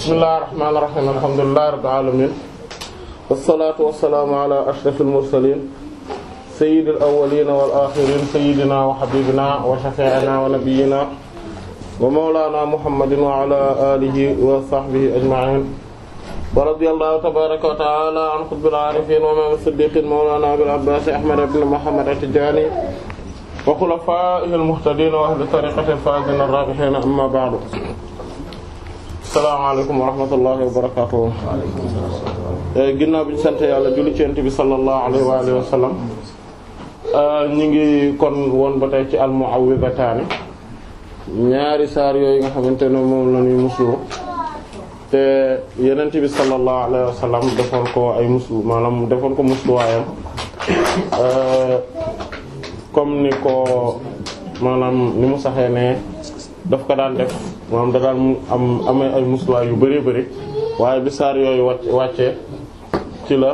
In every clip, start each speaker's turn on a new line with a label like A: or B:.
A: bismillahir rahmanir rahim alhamdulillahi rabbil alamin wassalatu wassalamu ala ashrafil mursalin sayyidil awwalin wal akhirin sayyidina wa habibina wa shafi'ina wa nabiyyina wa mawlana muhammadin wa ala alihi wa sahbihi ajma'in wa radiyallahu tabaraka wa ta'ala an qutbil arifin wa imam siddiqin mawlana abil abbas ahmad ibn muhammad at-tijani wa khulafa'ihil muhtadin wa ahli tariqatil faizin ar-rabihin amma ba'du salaamaaleykum wa rahmatullahi wa barakaatu. Eh, ginnaaw bi ñu sant yàlla julli ci bi sallallahu alayhi wa alihi wa sallam. Eh, ñu ngi kon woon ba tey ci al-mu'awwidhataani ñaari saar yooyu nga xamante ne moom la ñuy muslu te Yonent bi sallallahu wa sallam defoon ko ay muslu maanaam defoon ko musluwaayam eh, comme ni ko maanaam ni mu saxee ne daf ko daan def. maanaam da daan am amee ay muslaay yu bëree bëri waaye bi saar yooyu wàcc wàccee ci la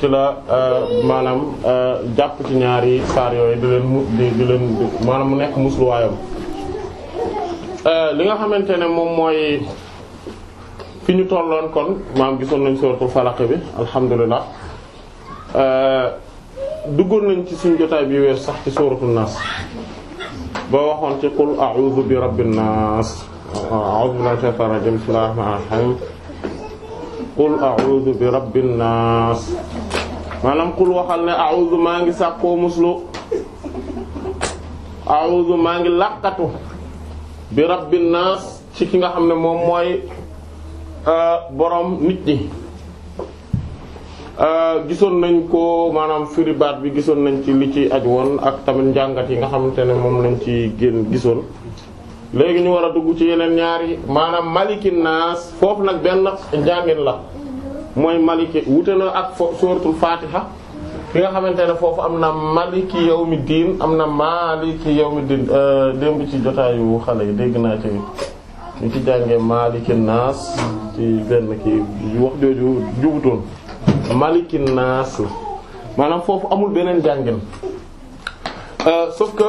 A: ci la euh, maanaam euh, jàpp ci ñaari saar yooyu di leen mu di leen maanaam mu nekk musluwaayam euh, li nga xamante ne moom mooy fi ñu tolloon kon maam gisoon nañ suratul falaq bi alhamdulilah duggoon nañ ci suñ jotaay bi weesu sax ci suratul nas boo waxoon ci qul a'udhu bi rabbin nas a'udhu billahi shaytanir rajim bismillahir rahmanir rahim qul a'udhu bi rabbin nas maanaam qul waxal ne a'udhu maa ngi sàkkoo muslu a'udhu maa ngi làqatu bi rabbin nas ci ki nga xam ne moom mooy euh, boroom nit ñi Euh, gisoon nañ ko maanaam firi baat bi gisoon nañ ci li ci aj woon ak tamit njàngat yi nga xamante ne moom lañ ci génn gisoon léegi ñu war a dugg ci yeneen ñaari maanaam maliki naas foofu nag benn njàngin la mooy maliki wute na ak fo suratul fatiha fi nga xamante ne foofu am na maliki mi diin am na maliki yawmi diin euh, démb ci jotaayu xale yi dégg naa ci ñu ci jàngee maliki naas ci benn kii wax jooju jubutoon malikin naas maanaam foofu amul beneen jàngin euh, sauf que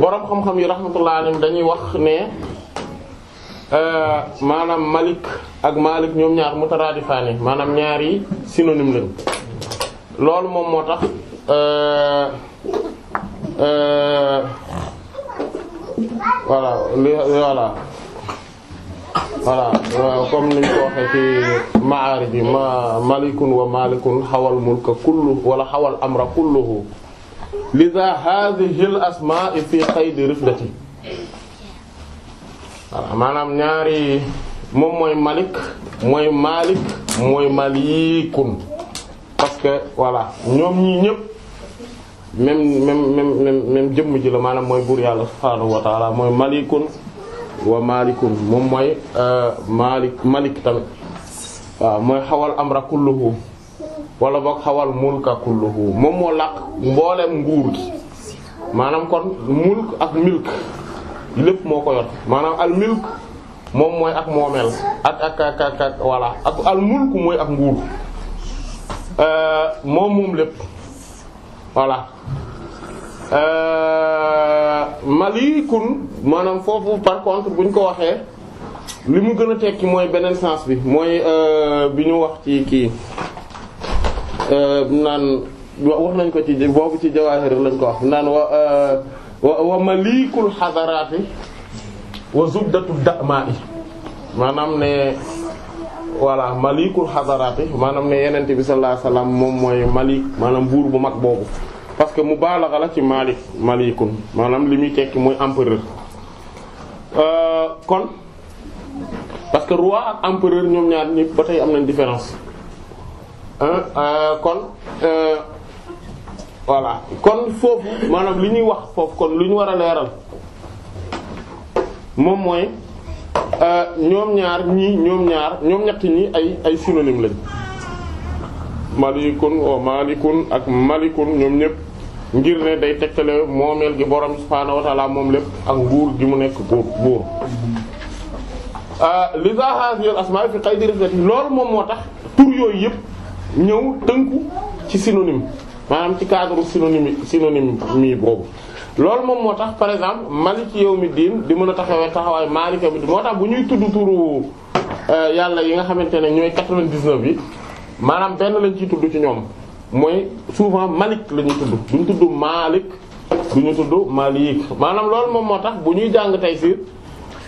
A: boroom xam-xam yi rahmatullah alayhim dañuy wax ne euh, maanaam malik ak malik ñoom ñaar mutaraadifaani maanaam ñaari yi synonyme loolu moom moo tax euh, voilà li voilà voilà euh, comme niñ ko waxee ci bi ma malikun wa malikun xawal mulka kullu wala xawal amra kulluhu liza hadhihi al asma'i fi qayd rifdati voilà maanaam ñaari moom mooy malik mooy malik mooy malikun parce que voilà ñoom ñii ñëpp même même même même jëmm yàlla subhaanahu wa wa malikun moom mooy euh, malik malik tamit waa mooy xawal amra kulluhu wala boog xawal mulka kulluhu moom moo làq mboolem nguur gi kon mulk ak milk lépp moo ko yor maanaam al milk moom mooy ak moomeel ak ak ak ak ak voilà ak al mulk mooy ak nguur euh, moom moom lépp voilà Euh, malikun maanaam foofu par contre buñ ko waxee li mu gën a tekki mooy beneen sens bi mooy euh, bi ñu wax ci kii euh, naan wax nañ ko ci boobu ci jawaahir lañ ko wax naan wa wa wa malikul xadaraati wa zubdatu da'ma yi maanaam ne voilà malikul xadaraati maanaam ne yenente bi sallallahu alayhi moom mooy malik maanaam buur bu mag boobu parce que mubaalaxa la ci yi malikun maanaam li muy tekki mooy empereur euh, kon parce que roi ak empereur ñoom ñaar ñëpp ba tey am nañ différence euh, kon euh, voilà kon foofu maanaam li ñuy wax foofu kon lu ñu war a leeral moom mooy ñoom ñaar ñii ñoom ñaar ñoom ñett ñi ay ay synonyme lañ malikun wa malikun ak malikun ñoom ñëpp ngir ne day tegtale moomeel gi borom subhaanahu wa moom lépp ak nguur gi mu nekk buur buur ah, li za hadhihi al asma fi qaydi rifati loolu moom moo tax tur yooyu yëpp ñëw tënku ci synonyme maanaam ci cadre synonyme synonyme mi boobu loolu moom moo tax par exemple yow mi diin di mën a taxawee taxawaay maliki yawmi diin moo tax bu ñuy tudd turu euh, yàlla yi nga xamante ne ñooy 99 bi maanaam benn lañ ci tudd ci ñoom mooy souvent Malik la ñuy tudd duñ tudd duñu tudd Malik maanaam loolu moom moo tax bu ñuy jàng taysiir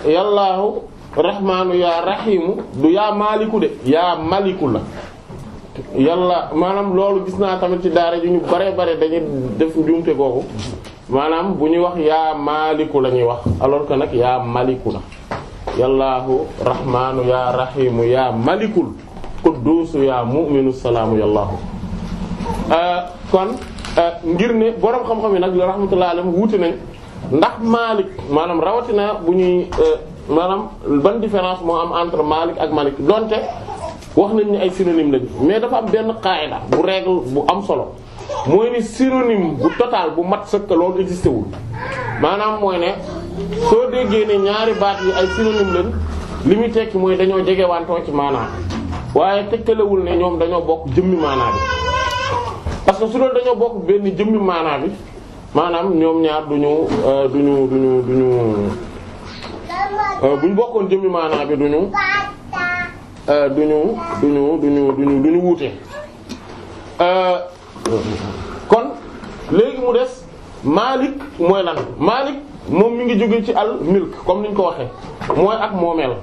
A: yàllaahu rahmaanu yaa rahimu du yaa Maliku de yaa Maliku la. yàlla maanaam loolu gis naa tamit ci daara ji ñu bare bare dañuy def njuumte googu maanaam bu ñuy wax yaa Maliku la ñuy wax alors que nag yaa Maliku la yàllaahu rahmaanu yaa rahimu yaa Malikul. qudduusu yaa mu'minu salaamu yallaahu euh, kon euh, ngir ne borom xam-xam yi nag li rahmatullahi alayhim wuute nañ ndax Malik maanaam rawatina bu ñuy euh, maanaam ban différence moo am entre Malik ak Malik donte wax nañ ni ay synonyme lañu mais dafa am benn qaida bu règle bu am solo mooy ni synonyme bu total bu mat sëkk loolu existé maanaam mooy ne soo déggee ne ñaari baat yi ay synonyme lañ li muy tekki mooy dañoo jegewantoo ci maanaam. waaye tegtalewul ne ñoom dañoo bokk jëmmi maanaa bi parce que su doon dañoo bokk benn jëmmi maanaa bi maanaam ñoom ñaar duñu euh, duñu duñu duñu euh, buñ bokkoon jëmmi maanaa bi duñu euh, duñu duñu duñu duñu duñu wuute kon léegi mu des Malik mooy lan Malik moom mi ngi jóge ci al milk comme niñ ko waxee mooy ak moomeel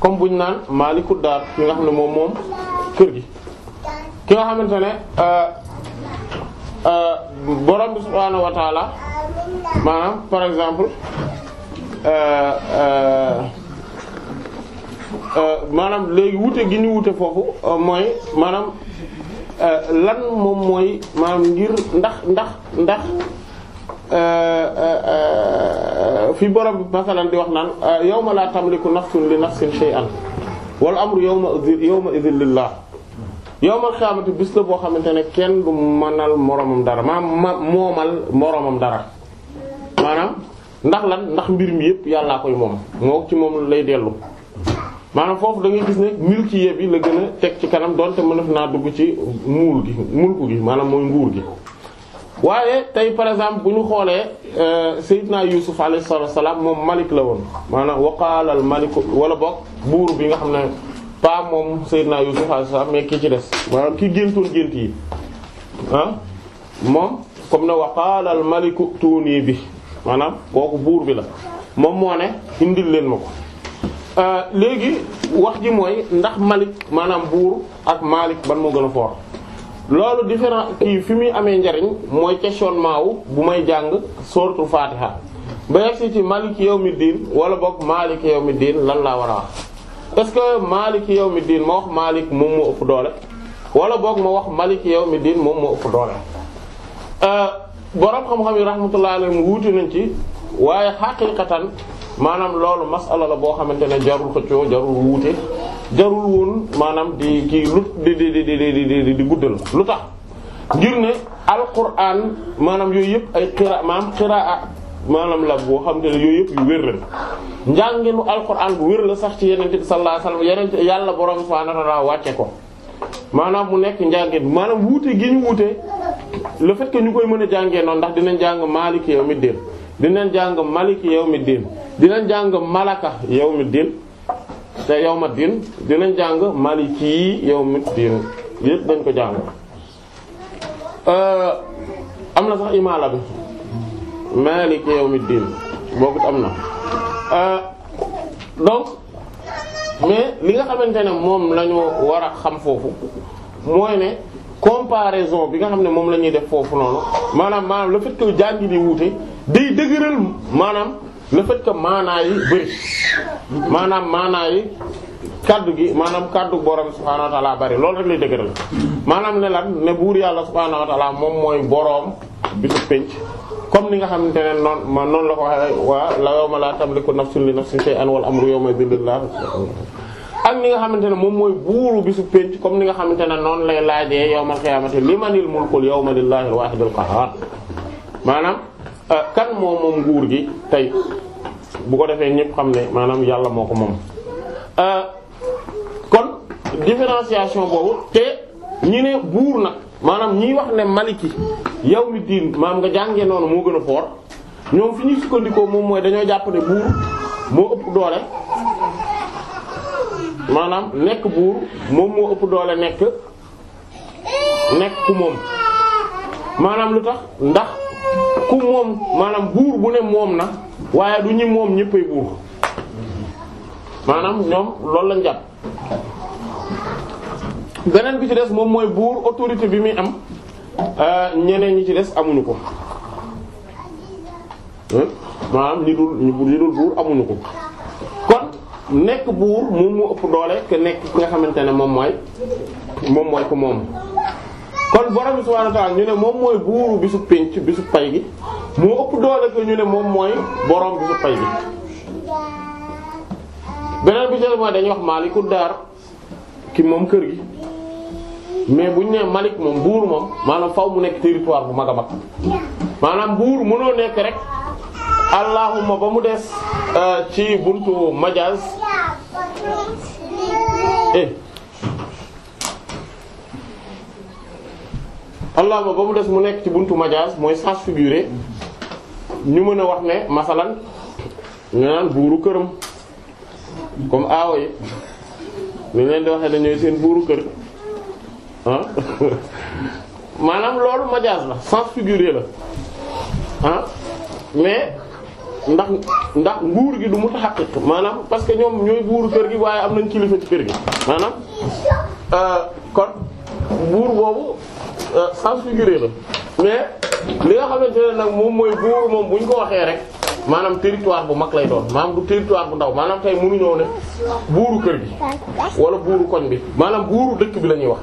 A: comme bu naan maaliku daar ki nga xam ne moom moom kër gi ki nga xamante ne euh, euh, borom bi subhaanahu wa taala maanaam par exemple euh, maanaam léegi wute gi ñu wute foofu mooy maanaam lan moom mooy maanaam ngir ndax ndax ndax Euh, euh, euh, fi borom masalan di wax naan yawma laa tamliku nafsun li nafsin shay'an wal amru yawma yawma idhin lillah yawmal qiyaamati bis la boo xamante ne kenn du mënal moromam dara ma ma moomal moromam dara maanaam ndax lan ndax mbir mi yëpp yàllaa koy moom moo ci moom lay dellu maanaam foofu da gis ne milkiye bi la gën a teg ci kanam donte mënaf naa dugg ci muul gi mulku gi maanaam mooy nguur gi waaye tey par exemple bu ñu xoolee euh, naa Yusuf alayhi salaam moom malik la woon maanaam waqaalal malik wala boog buur bi nga xam ne pas moom Seydina Yusuf alayhi salaam mais ki ci des maanaam ki géntoon gént yi ah moom kom ne waqaalal maliku tuuni bi maanaam kooku buur bi la moom moo ne indil leen ma ko euh, léegi wax ji mooy ndax malik maanaam buur ak malik ban moo gën a fort loolu différent kii fi muy amee njariñ mooy questionnement wu bu may jàng sóortul Fatiha ba yegsi ci mi yawmiddin wala boog mi yawmiddin lan laa war a wax est-ce que mi yawmiddin ma wax Malik moom moo ëpp doole wala boog ma wax mi yawmiddin moom moo ëpp doole. Euh, borom xam-xam yi rahmatullahi mu wuute nañ ci waaye xaqiiqatan maanaam loolu masala la boo xamante ne jarul xëccoo jarul wuute. jarul woon maanaam di kii lu di di di di guddal lu tax ngir ne alquran maanaam yooyu yëpp ay xira maanaam xiraa maanaam la boo xam te ne yooyu yëpp yu wér la njànginu alquran bu wér la sax ci yenente bi sallallahu alayhi yàlla borom subhanahu wa ta'ala wàcce ko maanaam mu nekk njàngin maanaam wuute gi ñu wuute le fait ñu koy mën a jàngee noonu ndax dinañ jàng maaliki yawmiddin dinañ jàng maliki yawmiddin dinañ jàng malaka yawmiddin te yawma diin dinañ jàng maliki yawmi diin yëpp dañ ko jàng euh, am na sax imaala bi maliki yawmi diin boobu am na euh, donc mais li nga xamante ne moom lañu war a xam foofu mooy ne comparaison bi nga xam ne moom la ñuy def foofu noonu maanaam maanaam le fait jàngi di wuute day dëgëral maanaam le fait que yi bëri maanaam maanaa yi kaddu gi maanaam kaddu borom subhaanahu wa ta'aala bëri loolu rek lay dëgëral maanaam ne lan ne buur yàlla subhaanahu wa moom mooy boroom bi su comme ni nga xamante ne noonu ma noonu la ko waxee waa la yawma laa tamliku nafsun li nafsin shay'an wal amru yawma billah ak ni nga xamante ne moom mooy buuru bisu pénc comme ni nga xamante ne noonu lay laajee yawmal qiyaamati limanil mulkul yawma lillahil waahidil qahhaar maanaam Euh, kan moo moom nguur gi tey bu ko defee ñëpp xam ne maanaam yàlla moo ko moom euh, kon différenciation boobu te ñu ne buur nag maanaam ñiy wax ne maliki yawmi diin maam nga jàngee noonu moo gën a fort ñoom fi ñuy sukkandikoo moom mooy dañoo jàpp ne buur moo ëpp doole maanaam nekk buur moom moo ëpp doole nekk nekk ku moom maanaam lu tax ndax ku moom maanaam buur bu ne moom na waaye du ñi moom ñëppay buur maanaam ñoom loolu lañ jàpp beneen bi ci des moom mooy buur autorité bi muy am euh, ñeneen ñi ci des amuñu ko maanaam ñi dul ñi dul buur amuñu ko kon nekk buur moom mu ëpp doole que nekk ki nga xamante ne moom mooy moom mooy ko moom kon borom subhaanahu wa ta'aala ñu ne moom mooy buuru bisu pénc bisu pay gi mu ëpp doole ko ñu ne moom mooy borom bisu pay gi beneen bi jël mooy dañuy wax maaliku daar ki moom kër gi mais bu ñu nee malik moom buur moom maanaam faw mu nekk territoire bu mag a mag maanaam buur mënoo nekk rek allahuma ba mu des euh, ci buntu majaas eh, allahuma ba mu des mu nekk ci buntu majaas mooy sens figuré ñu mën a wax ne masalan ñu naan buuru këram comme aawo yi ñu leen di waxee dañooy seen buuru kër
B: ah?
A: maanaam loolu majaas la sens figuré la ah mais ndax ndax nguur gi du mu taxaqiq maanaam parce que ñoom ñooy buuru kër gi waaye am nañ kilifa ci kër gi maanaam euh, kon buur boobu Euh, sens figuré la mais li nga xamante ne nag moom mooy buur moom bu ñu ko waxee rek maanaam territoire bu mag lay doon maanaam du territoire bu ndaw maanaam tey mënuñoo ne buuru kër gi wala buuru koñ bi maanaam buuru dëkk bi lañuy wax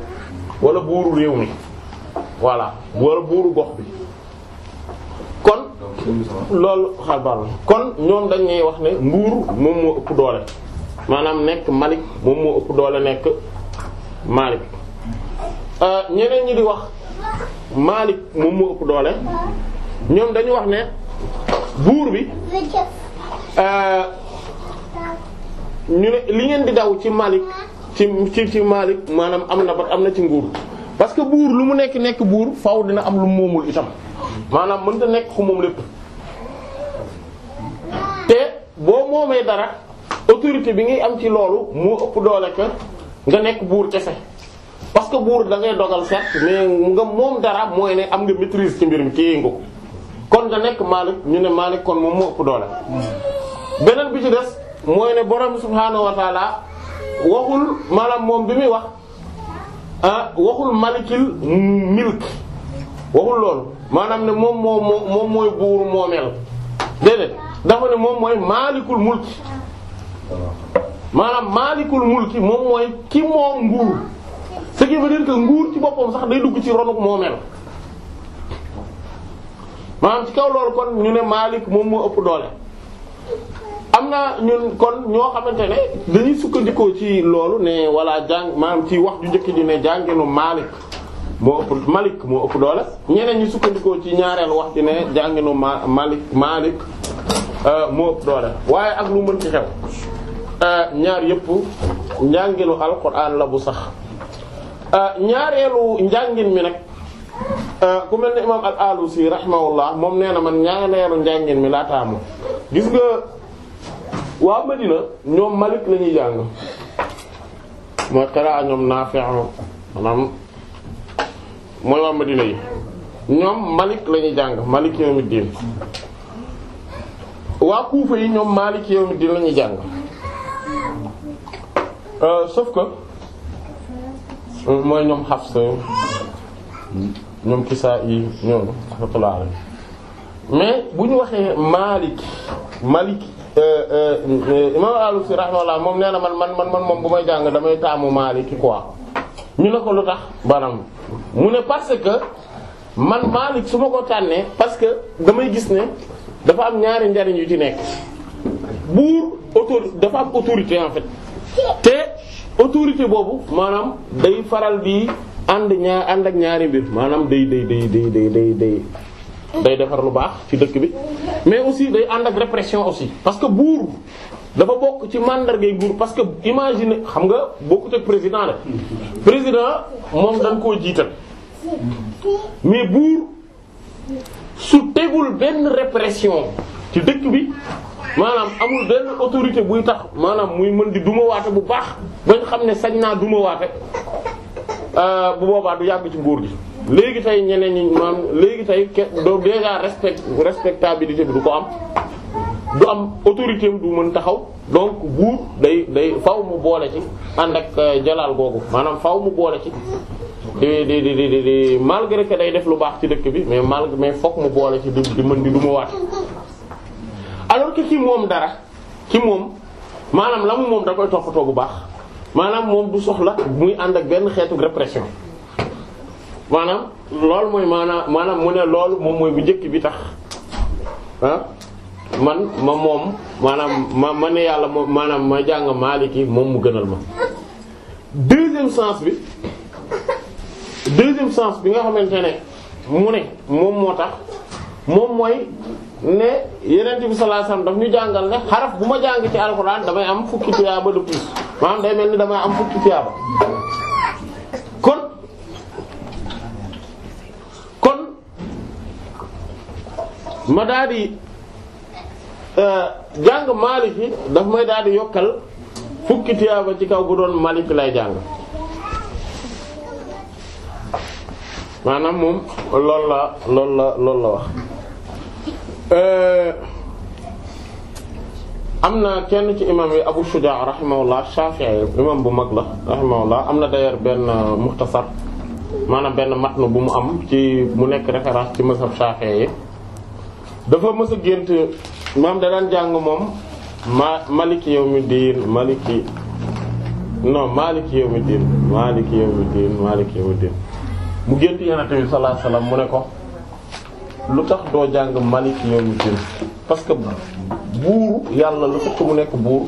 A: wala buuru réew mi voilà wala buuru gox bi kon loolu xabaar kon ñoom dañ ñuy wax ne nguur moom moo ëpp doole maanaam nekk malik moom moo ëpp doole nekk malik Euh, ñeneen ñi di wax Malik moom moo ëpp doole ñoom dañu wax ne buur bi euh, ñu ne li ngeen di daw ci Malik ci ci ci maanaam am na ba am na ci nguur parce que buur lu mu nekk nekk buur faaw dina am lu moomul itam maanaam mënta nekk ku moom lépp te boo moomee dara autorité bi ngay am ci loolu mu ëpp doole que nga nekk buur kese. parce que buur da dogal certes mais moom dara mooy ne am nga maîtrise ci mbir mi téye nga ko kon da nekk Malik ñu ne Malik kon moom moo ëpp bi ci des mooy ne wax ah waxul malikil milk buur moomeel déedéet dafa ne moom mooy maalikul mulki maanaam maalikul mulki moom mooy ki moom nguur. ce qui veut dire que nguur ci boppam sax day dugg ci ronuk moomeel maanaam ci kaw loolu kon ñu ne Malik moom moo ëpp doole am na ñun kon ñoo xamante ne dañuy sukkandikoo ci loolu ne walla jàng maanaam ci wax ju njëkk ji ne jànginu Malik moo ëpp Malik moo ëpp doole ñeneen ñi sukkandikoo ci ñaareelu wax ji ne jànginu ma Malik Malik euh, moo ëpp doole waaye ak lu mën ci xew euh, ñaar yëpp njànginu Alxuraan la bu sax. Euh, ñaareelu njàngin mi nag euh, ku mel ne imaam al-Alusi rahimahullah moom nee na man ñaareelu njàngin mi laa taamu gis nga waa Madina ñoom Malik la ñuy jàng Malik la ñuy waa Kuufa yi ñoom Malik yawmiddin la ñuy jàng euh, sauf que. mooy ñoom Hafs ñoom Kisaa'i ñoom rahmatullah alayhi mais bu ñu waxee Malik Malik euh, euh, imam Al-Alusi rahmatullah moom nee na man man man man moom bu may jàng damay taamu Malik quoi ñu ne ko lu tax banam mu ne parce que man Malik su ma ko tànnee parce que damay gis ne dafa am ñaari njariñ yu ci nekk buur autorité dafa am autorité en fait te autorité boobu maanaam day faral di ànd ñaar ànd ak ñaari mbir maanaam day day day day day day day day defar lu baax ci dëkk bi mais aussi day ànd ak répression aussi parce que buur dafa bokk ci mandargay buur parce que imagine xam nga bokkut président la président moom dañ koo jiital mais buur su tegul benn répression ci dëkk bi maanaam amul benn autorité buy tax maanaam muy mën di dumawaate bu baax bañ xam ne sañ naa dumawaate euh, bu boobaa du yàgg ci nguur gi léegi tey ñeneen ñi maanaam léegi tey do déjà respect respectabilité bi du ko am du am autorité du mën taxaw donc buur day day faw mu boole ci ànd ak euh, jalaal googu maanaam faw mu boole ci di di di di di malgré que day def lu baax ci dëkk bi mais malgré mais fokk mu boole ci di di mën di du ma waat alors que ki moom dara ki moom maanaam la mu moom da koy toppatoo bu baax maanaam moom du soxla muy ànd ak benn xeetu répression maanaam loolu mooy maanaam maanaam mu ne loolu moom mooy bu njëkk bi tax ah man ma moom maanaam ma ma ne yàlla moom maanaam ma jàng maaliki moom mu gënal ma deuxième sens bi deuxième sens bi nga xamante ne mu ne moom moo tax moom mooy ne yeneen bi sallallahu alayhi daf ñu jàngal ne xaraf bu ma jàng ci alxuraan damay am fukki tuyaaba de maa maanaam day mel ni damay am fukki tuyaaba kon kon ma daal euh, jàng Maalik yi daf may daal di yokkal fukki tuyaaba ci kaw bu doon Maalik lay jàng maanaam moom loolu la loolu la loolu la wax. Euh, am na kenn ci imam yi Abu Shujaa rahimahullah Shafi'i imam bu mag la rahimahullah am na d'ailleurs benn euh, muxtasar maanaam benn matn bu mu am ci mu nekk référence ci mazhab Shafi'i yi dafa mës a gént maam da daan jàng moom ma maliki yawmiddin maliki non maliki yawmiddin maliki yawmiddin maliki yawmiddin mu gént yonent bi sallallahu alayhi mu ne ko lu tax doo jàng malik yawmi din parce que buuru yàlla lu tax mu nekk buuru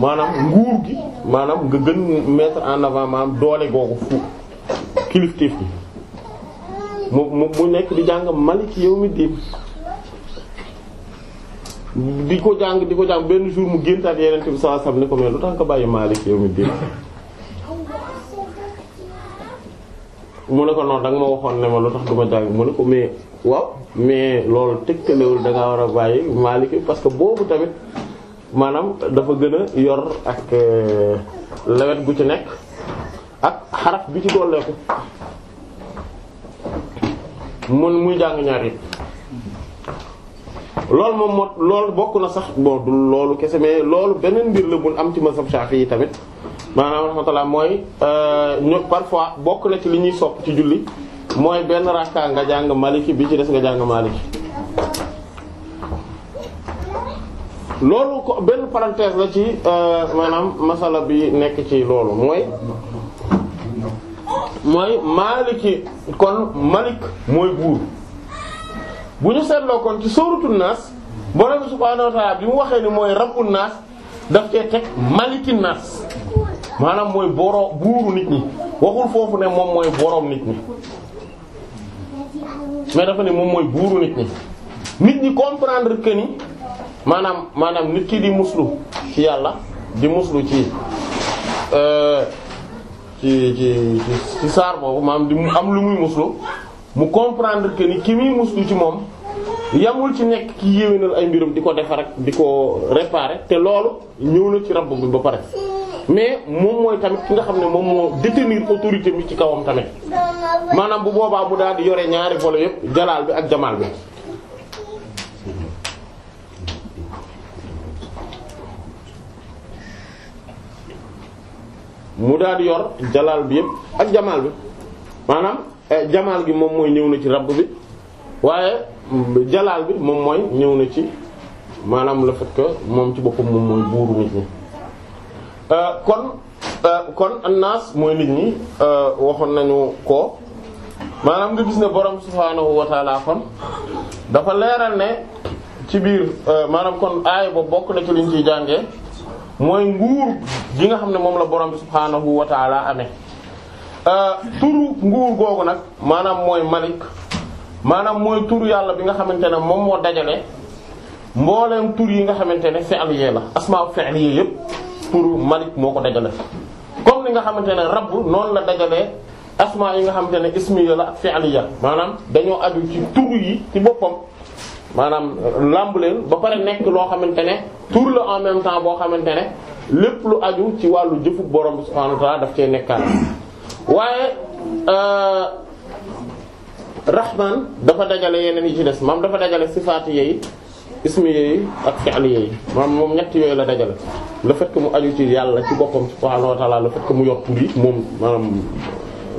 A: maanaam nguur gi maanaam nga gën mettre en avant maanaam doole googu fu kilifteef bi mu mu mu nekk di jàng malik yawmi din di ko jàng di ko jàng benn jour mu géntaat yeneen bi sallallahu alayhi wasallam ne ko mais lu tax nga bàyyi malik yawmi din mu ne ko noonu da nga ma waxoon ne ma lu tax du ma jàng mu ne ko mais waaw mais loolu tëkkalewul da ngaa war a bàyyi Maliki parce que boobu tamit maanaam dafa gën a yor ak euh, lewet bu ci nekk ak xarab bi ci dolleeku mun muy jàng ñaar yi loolu moom moo loolu bokk na sax bon du loolu kese mais loolu beneen mbir la mun am ci mazhab Shafi'i yi tamit maanaam rahmatullah mooy euh, ñu parfois bokk na ci li ñuy sopp ci julli mooy benn rakka nga jàng maliki bi ci des nga jàng maliki loolu ko benn parenthèse la ci euh, maanaam masala bi nekk ci loolu mooy mooy maliki kon malik mooy buur bu ñu seetloo kon ci sóoratul naas borom subhaanahu wa ta'aala bi mu waxee ni mooy rabbun naas daf cee teg malikin naas maanaam mooy boroom buuru nit ñi waxul foofu ne moom mooy boroom nit ñi mais dafa ne moom mooy buuru nit ñi nit ñi comprendre que ni maanaam maanaam nit ki di muslu ci yàlla di muslu ci euh, ci ci ci saar boobu maanaam di am lu muy muslu mu comprendre que ni ki muy muslu ci moom yamul ci nekk ki yéwénal ay mbirum di ko defar ak di ko réparer te loolu ñëw na ci rabb bi ba pare mais moom mooy tamit ki nga xam ne moom moo détenir autorité bi ci kawam tamit maanaam bu boobaa mu daal di yore ñaari volets yëpp jalaal bi ak jamaal bi. mu daal yor jalaal bi ak jamaal maanaam eh, jamaal gi moom mooy ñëw na ci rabb bi waaye jalaal bi moom mooy ñëw na ci maanaam le fait moom ci boppam moom mooy buuru nit ñi. Euh, kon euh, kon annaas mooy nit ñi euh, waxoon nañu ko maanaam nga gis ne borom subhaanahu wa taala kon dafa leeral ne ci biir maanaam kon aaya ba bokk na ci liñ ci jànge mooy nguur gi nga xam ne moom la borom bi subhaanahu wa taala amee turu nguur googu nag maanaam mooy malik maanaam mooy turu yàlla bi nga xamante ne moom moo dajale mbooleem tur yi nga xamante ne fi'liye la asmaa fi'liye yépp turu Malik moo ko dajale comme li nga xamante ne rabb noonu la dajalee asmaa yi nga xamante ne ismiya la ak fi'liya maanaam dañoo aju ci turu yi ci boppam maanaam làmb ba pare nekk loo xamante ne tur la en même boo xamante ne lépp lu aju ci wàllu jëfu borom bi subhaanahu wa ta'ala daf cee nekkaan waaye euh, rahman dafa dajale yeneen yi ci des maam dafa dajale sifaati yi ismiya yi ak fi'liya yi maanaam moom ñett yooyu la dajale le fait mu aju ci yàlla ci boppam subhaanahu wa ta'ala le fait que mu yor tur moom maanaam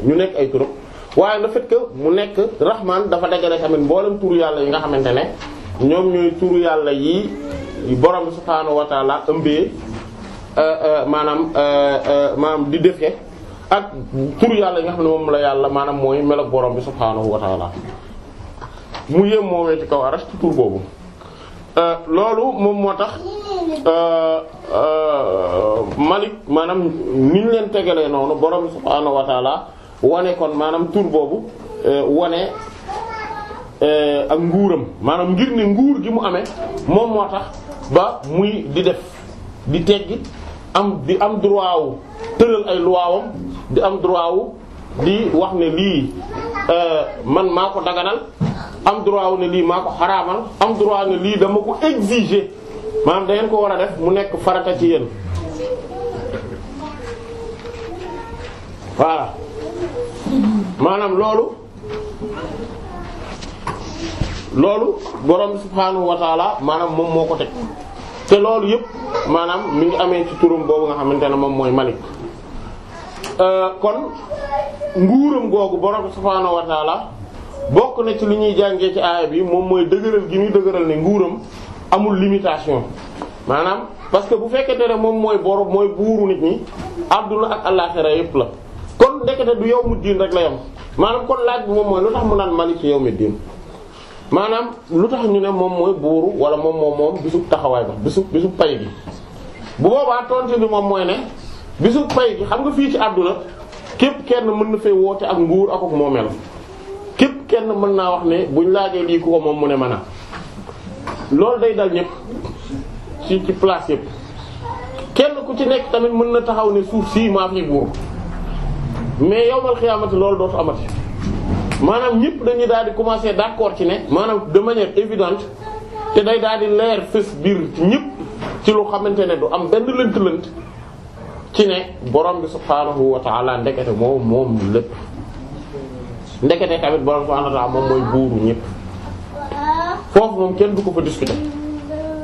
A: ñu nekk ay turam waaye le fait mu nekk rahman dafa dajale tamit mboolem turu yàlla yi nga xamante ne ñoom ñooy turu yàlla yi borom subhaanahu wa ta'ala ëmbee euh, euh, maanaam euh, maanaam di defee ak turu yàlla yi nga xam ne moom la yàlla maanaam mooy mel ak borom bi subhaanahu wa ta'ala mu yéem moowee ci kaw arash ci tur boobu Euh, loolu moom moo tax euh, euh, Malik maanaam ni ñu leen tegalee noonu borom subhaanahu wa taala kon maanaam tur boobu wane ak nguuram maanaam ngir ne nguur gi mu amee moom moo tax ba muy di def di teggi am di am droit wu tëral ay luwaawam di am droit wu di wax ne lii euh, man maa ko daganal am droit wu ne lii maa ko xaraamal am droit ne lii dama ko exiger maanaam da ngeen ko war a def mu nekk farata ci yéen voilà maanaam loolu loolu borom subhaanahu wa taala maanaam moom moo ko teg te loolu yëpp maanaam mi ngi amee ci turam boobu nga xamante ne moom mooy Malik euh, kon nguuram googu borom subhaanahu wa taala bokk na ci lu ñuy jàngee ci aaya bi moom mooy dëgëral gi muy dëgëral ne nguuram amul limitation maanaam parce que bu fekkente ne moom mooy borom mooy buuru nit ñi àdduna ak àllaaxira yépp la kon ndekete du yawmu diin rek la yam maanaam kon laaj bi moom mooy lu tax mu naan maliki yawmi diin maanaam lu tax ñu ne moom mooy buuru wala moom moom moom bisub taxawaay ba bisub bisub pay gi bu boobaa tontu bi moom mooy ne bisu pay gi xam nga fii ci àdduna képp kenn mën na fay woote ak nguur ak ak moomeel képp kenn mën naa wax ne buñ laajee lii ko moom mu ne mën a loolu day dal ñëpp ci ci place yëpp kenn ku ci nekk tamit mën na taxaw ne suuf sii maa fi buur mais yowmal xiyaamati loolu dootu amati maanaam ñëpp dañuy daal di commencer d'accord ci ne maanaam de manière évidente te day daal di leer fës biir ci ñëpp ci lu xamante ne du am benn lënt-lënt ci ne borom bi subhaanahu wa ta'ala ndekete moom moom lépp ndekete tamit borom subhaanahu wa moom mooy buuru ñëpp foofu moom kenn du ko fa discuter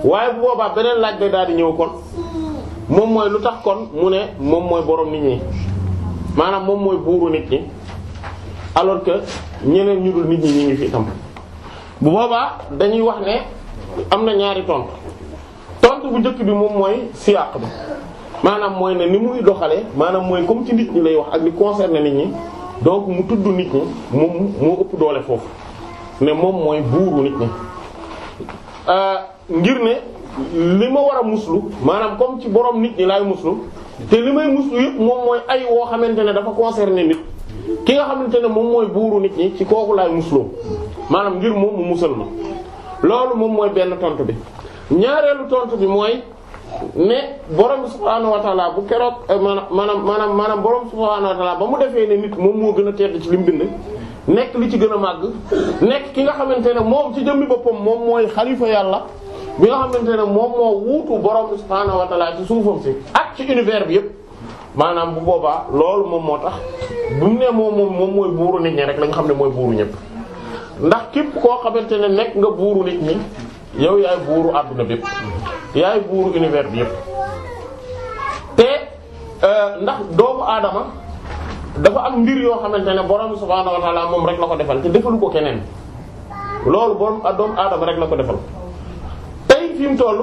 A: waaye bu boobaa beneen laaj bay daal di ñëw kon moom mooy lu tax kon mu ne moom mooy boroom nit ñi maanaam moom mooy buuru nit ñi alors que ñeneen ñu dul nit ñi ñu ngi fi itam bu boobaa dañuy wax ne am na ñaari tontu tontu bu njëkk bi moom mooy siyaq bi. maanaam mooy ne ni muy doxalee maanaam mooy comme ci nit ñi lay wax ak li concerné nit ñi donc mu tudd nit ñi moom moo ëpp doole foofu ne moom mooy buuru nit ñi euh, ngir ne li ma war a muslu maanaam comme ci borom nit ñi laay muslu te li may muslu yëpp moom mooy ay woo xamante ne dafa concerné nit ki nga xamante ne moom mooy buuru nit ñi ci kooku laay musloo maanaam ngir moom mu musal ma loolu moom mooy benn tontu bi ñaareelu tontu bi mooy mais borom subhaanahu wa taala bu keroog eh, maanaam maanaam maanaam borom subhaanahu wa taala ba mu defee ne nit moom moo gën a tedd ci li mu bind nekk li ci gën a màgg nekk ki nga xamante ne moom ci jëmmi boppam moom mooy xalifa yàlla bi moo wuutu borom subhaanahu wa taala ci suufam si ak ci univers bi yëpp maanaam bu boobaa loolu moom moo tax bu mu ne moom moom moom mooy buuru nit ñi rek la xam ne mooy buuru ñëpp ndax képp koo xamante ne nekk nga buuru nit ñi yow yaay buuru àdduna bépp yaay buuru univers bi yëpp te euh, ndax doomu aadama dafa am mbir yoo xamante ne borom subhaanahu wa ta'aala moom rek la ko defal te defalu ko keneen loolu a ah, doomu aadama rek la ko defal tey fi mu toll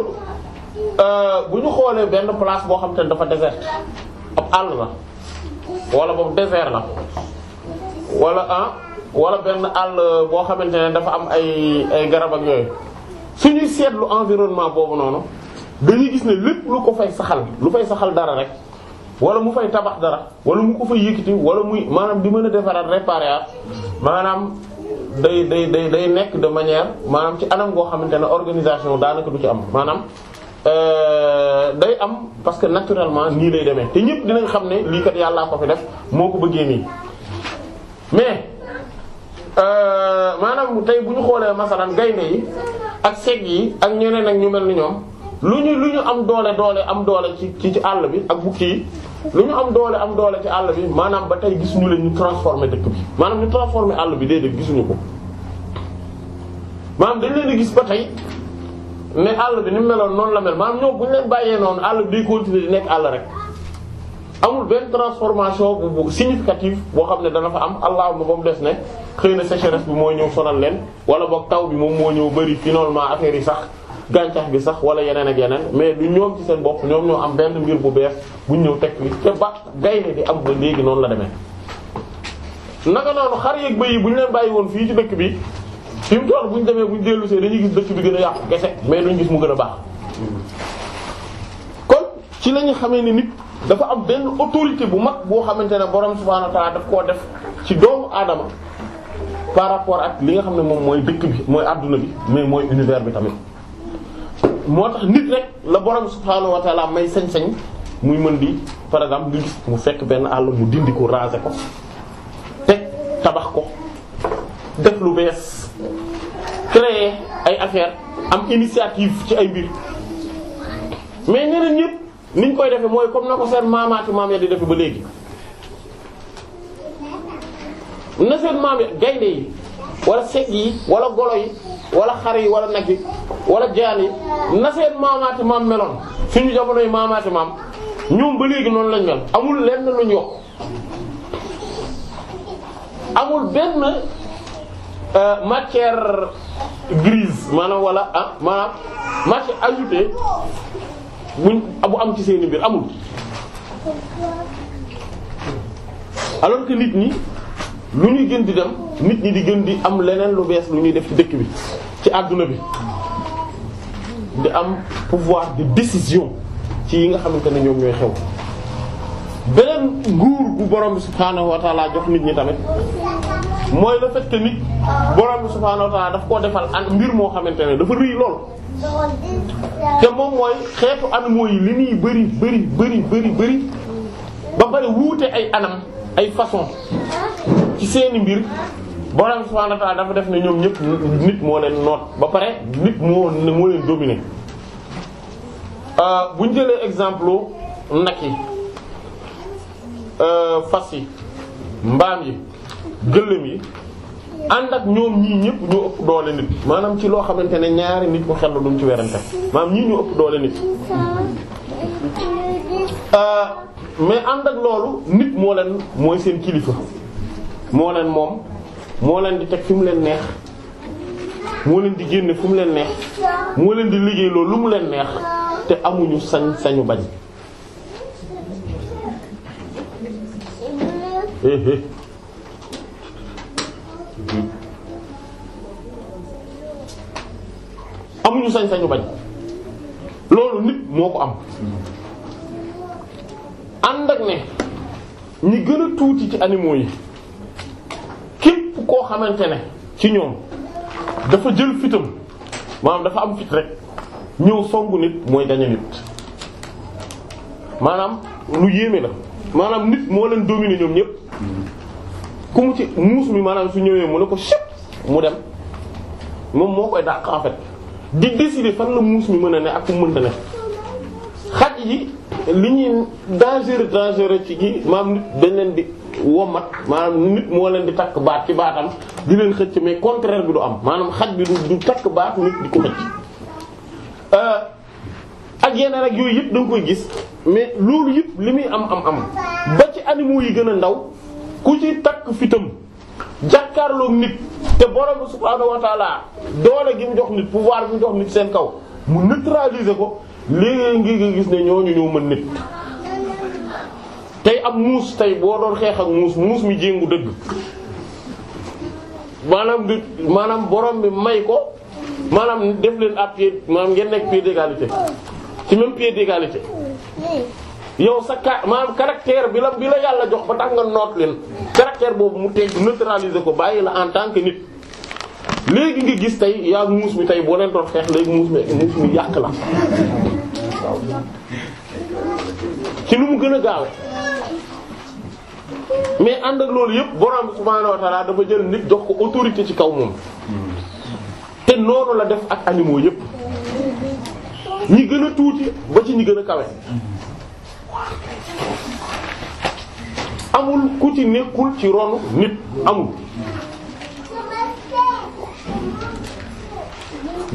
A: euh, bu ñu xoolee benn place boo xam te dafa désert ab àll la wala boobu désert na wala ah wala benn àll boo xamante ne dafa am ay ay garab ak yooyu. suñuy seetlu environnement boobu noonu dañuy gis ne lépp lu ko fay saxal lu fay saxal dara rek wala mu fay tabax dara wala mu ko fay yëkkati wala muy maanaam di mën a defaraat réparer maanaam day day day day nekk de manière maanaam ci anam goo xamante ne organisation daanaka du ci am maanaam euh, day am parce que naturellement nii lay demee te ñëpp dinañ xam ne lii kat yàllaa ko fi def moo ko bëggee nii mais. Euh, maanaam tey bu ñu xoolee masalan gaynde yi ak segg yi ak ñeneen ak ñu mel ni ñoom lu ñu lu ñu am doole doole am doole ci ci àll bi ak bukki yi lu ñu am doole am doole ci àll bi maanaam ba tey gisuñu leen ñu transformé dëkk bi maanaam ñu transformé àll bi déedéet gisuñu ko maanaam dañ leen gis ba tey ne àll bi ni meloon noonu la mel maanaam ñoo bu ñu leen bàyyee noonu àll bi day ne di nekk àll rek. amul benn transformation bu bu significative boo xam ne dana fa am allahuma ma mu des ne xëy na sécheresse bi moo ñëw sonal leen wala boog taw bi moom moo ñëw bëri finalement affaire yi sax gàncax gi sax wala yeneen ak yeneen mais du ñoom ci seen bopp ñoom ñoo am benn mbir bu bees bu ñu ñëw teg li te ba gaynde di am léegi noonu la demee. naka noonu xar yeeg bëy yi bu ñu leen bàyyi woon fii ci dëkk bi fi mu toll bu ñu demee bu ñu dellu see dañuy gis dëkk bi gën a kese mais duñ mu gën a baax dafa am benn autorité bu mag boo xamante ne borom subhaanahu wa ta'aala daf koo def ci doomu aadama par rapport ak li nga xam ne moom mooy dëkk bi mooy adduna bi mais mooy univers bi tamit. moo tax nit rek la borom subhaanahu wa ta'aala may sañ-sañ muy mën di par exemple du gis mu fekk benn àll mu dindi ko raser ko teg tabax ko def lu bees créer ay affaires am initiative ci ay mbir mais ñeneen ñépp niñ koy defee mooy comme na ko seen maamaati maam ya di defe ba léegi na maam ya gaynde yi wala seg yi wala golo yi wala xar yi wala nag yi wala jaan yi na seen maamaati maam meloon suñu jamonoy maamaati maam ñoom ba léegi noonu lañ mel amul lenn luñ yokk amul benn euh, matière grise maanaam walla ah maanaam matière ajoutée buñ bu am ci seeni mbir amul alors que nit ñi lu ñuy gën di dem nit ñi di gën di am leneen lu bees lu ñuy def ci dëkk bi ci àdduna bi di am pouvoir de décision ci yi nga xamante ne ñoom ñooy xew beneen nguur bu borom bi subhaanahu wa jox nit ñi tamit mooy le fait que nit borom bi subhaanahu wa daf koo defal an mbir moo xamante ne dafa rëy lool te moom mooy xeetu animaux yi li ñuy bëri bëri bëri bëri ba bari wuute ay anam ay façon ci seeni mbir borom subhanahu wa dafa def na ñoom ñëpp nit moo leen noot ba pare nit moo moo leen dominé euh, bu ñu jëlee exemple nag yi euh, fas yi mbaam yi gëléem yi ànd ak ñoom ñii ñëpp ñoo ëpp doole nit maanaam ci loo xamante ne ñaari nit ko xel duñ ci werante maam ñii ñu ëpp doole nit euh, mais ànd ak loolu nit moo leen mooy seen kilifa moo leen moom moo leen di teg fi mu leen neex moo leen di génne fu mu leen neex moo leen di liggéey loolu lu mu leen neex te amuñu sañ-sañu bañ eh, eh. amuñu sañ-sañu bañ loolu nit moo ko am ànd ne ñi gën a tuuti ci animaux yi képp koo xamante ne ci ñoom dafa jël fitam maanaam dafa am fit rek ñëw songu nit mooy gañe nit maanaam lu yéeme la maanaam nit moo leen dominer ñoom ñépp ku mu ci muus mi maanaam su ñëwee mu ne ko chep mu dem moom moo koy dàq en fait di décider fan la muus mi mën a ne ak ku mënta ne xaj yi li ñuy dangereux dangereux ci gi maam nit dañ leen di womat maanaam nit moo leen di takk baat ci baatam di leen xëcc mais contraire bi du am maanaam xaj bi du takk baat nit di ko xëcc euh, ak yeneen ak yooyu yëpp da koy gis mais loolu yëpp li muy am am am ba ci animaux yi gën a ndaw ku ci takk fitam jàkkaarloog nit te borom subhaanahu wa taala doole gi mu jox nit pouvoir bi jox nit seen kaw mu neutraliser ko léegi ngi nga gis ne ñooñu ñoo mën nit tey am muus tey boo doon xeex ak muus muus mi jéngu dëgg maanaam du maanaam borom bi may ko maanaam def leen à pied maanaam ngeen nekk pied d'égalité ci même pied d'égalité yow sa ka maanaam caractère bi la bi la yàlla jox ba tax nga noot leen caractère boobu mu teg neutraliser ko bàyyi la en tant que nit léegi nga gis tey yaa muus mi tey boo leen doon xeex léegi muus mi muus la ci nu mu gën a gaaw mais ànd ak loolu yëpp borom bi subhaanahu wa ta'ala dafa jël nit jox ko autorité ci kaw moom te noonu la def ak animaux yëpp ñi gën a tuuti ba ci ñi gën a kawe amul ku ci nekkul ci ronu nit amul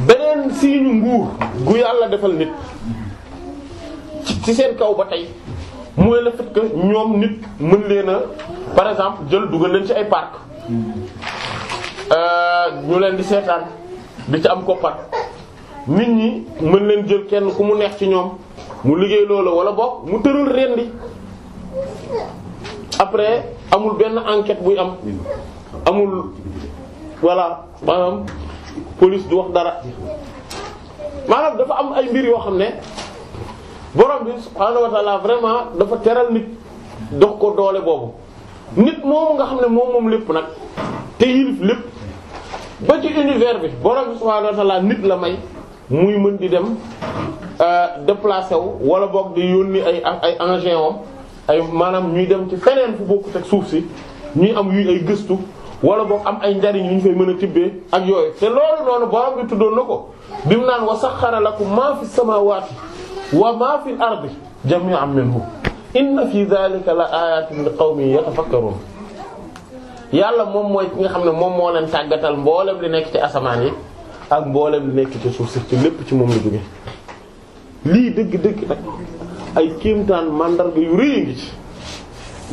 A: beneen siiñu nguur gu yàlla defal nit ci seen kaw ba tey mooy le fait que ñoom nit mën leen a par exemple jël dugal leen ci ay parc euh, ñu leen di seetaan di ci am koppar nit ñi mën leen jël kenn ku mu neex ci ñoom mu liggéey loolu wala bokk mu tëral rendi après amul benn enquête buy am amul voilà maanaam police du wax dara maanaam dafa am ay mbir yoo xam ne borom bi subhaanahu wa ta'ala vraiment dafa teral nit dox ko doole boobu nit moomu nga xam ne moom moom lépp nag te yilif lépp ba ci univers bi borom bi subhaanahu wa nit la may muy mën di dem euh, déplacé wu wala boog di yónni ay ay engins am ay maanaam ñuy dem ci feneen fu bokkut ak suuf si ñuy am yuy ay gëstu wala boog am ay njariñ yu ñu fay mën a tibbee ak yooyu te loolu noonu borom bi tuddoon na ko bi mu naan wa saxxara lakum maa fi samaawaati wa maa fi ardi jamii'an minhu inna fi dhalika la ayatin li qawmin yatafakkarun yàlla moom mooy ki nga xam ne moom moo leen tàggatal mboolem li nekk ci asamaan yi ak mboolem nekk ci suuf si ci lépp ci moom la jóge lii dëgg-dëgg nag ay kéemtaan màndarga yu rëy ngi ci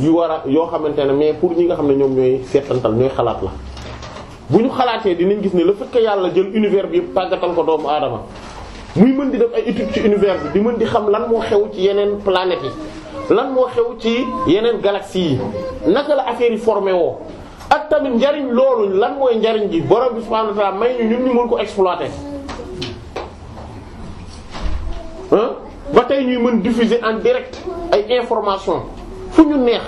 A: yu war a yoo xamante ne mais pour ñi nga xam ne ñoom ñooy seetantal ñooy xalaat la bu ñu xalaatee dinañ gis ni la fait yàlla jël univers bi yëpp tàggatal ko doomu aadama muy mën di def ay études ci univers bi di mën di xam lan moo xew ci yeneen planètes yi lan moo xew ci yeneen galaxi yi naka la affaire yi formé woo ak tamit njariñ loolu lan mooy njariñ ji borom bi subhaanahu wa may ñu ñun ñu mën ko exploiter ah ba tey ñuy mën diffuse en direct ay information fu ñu neex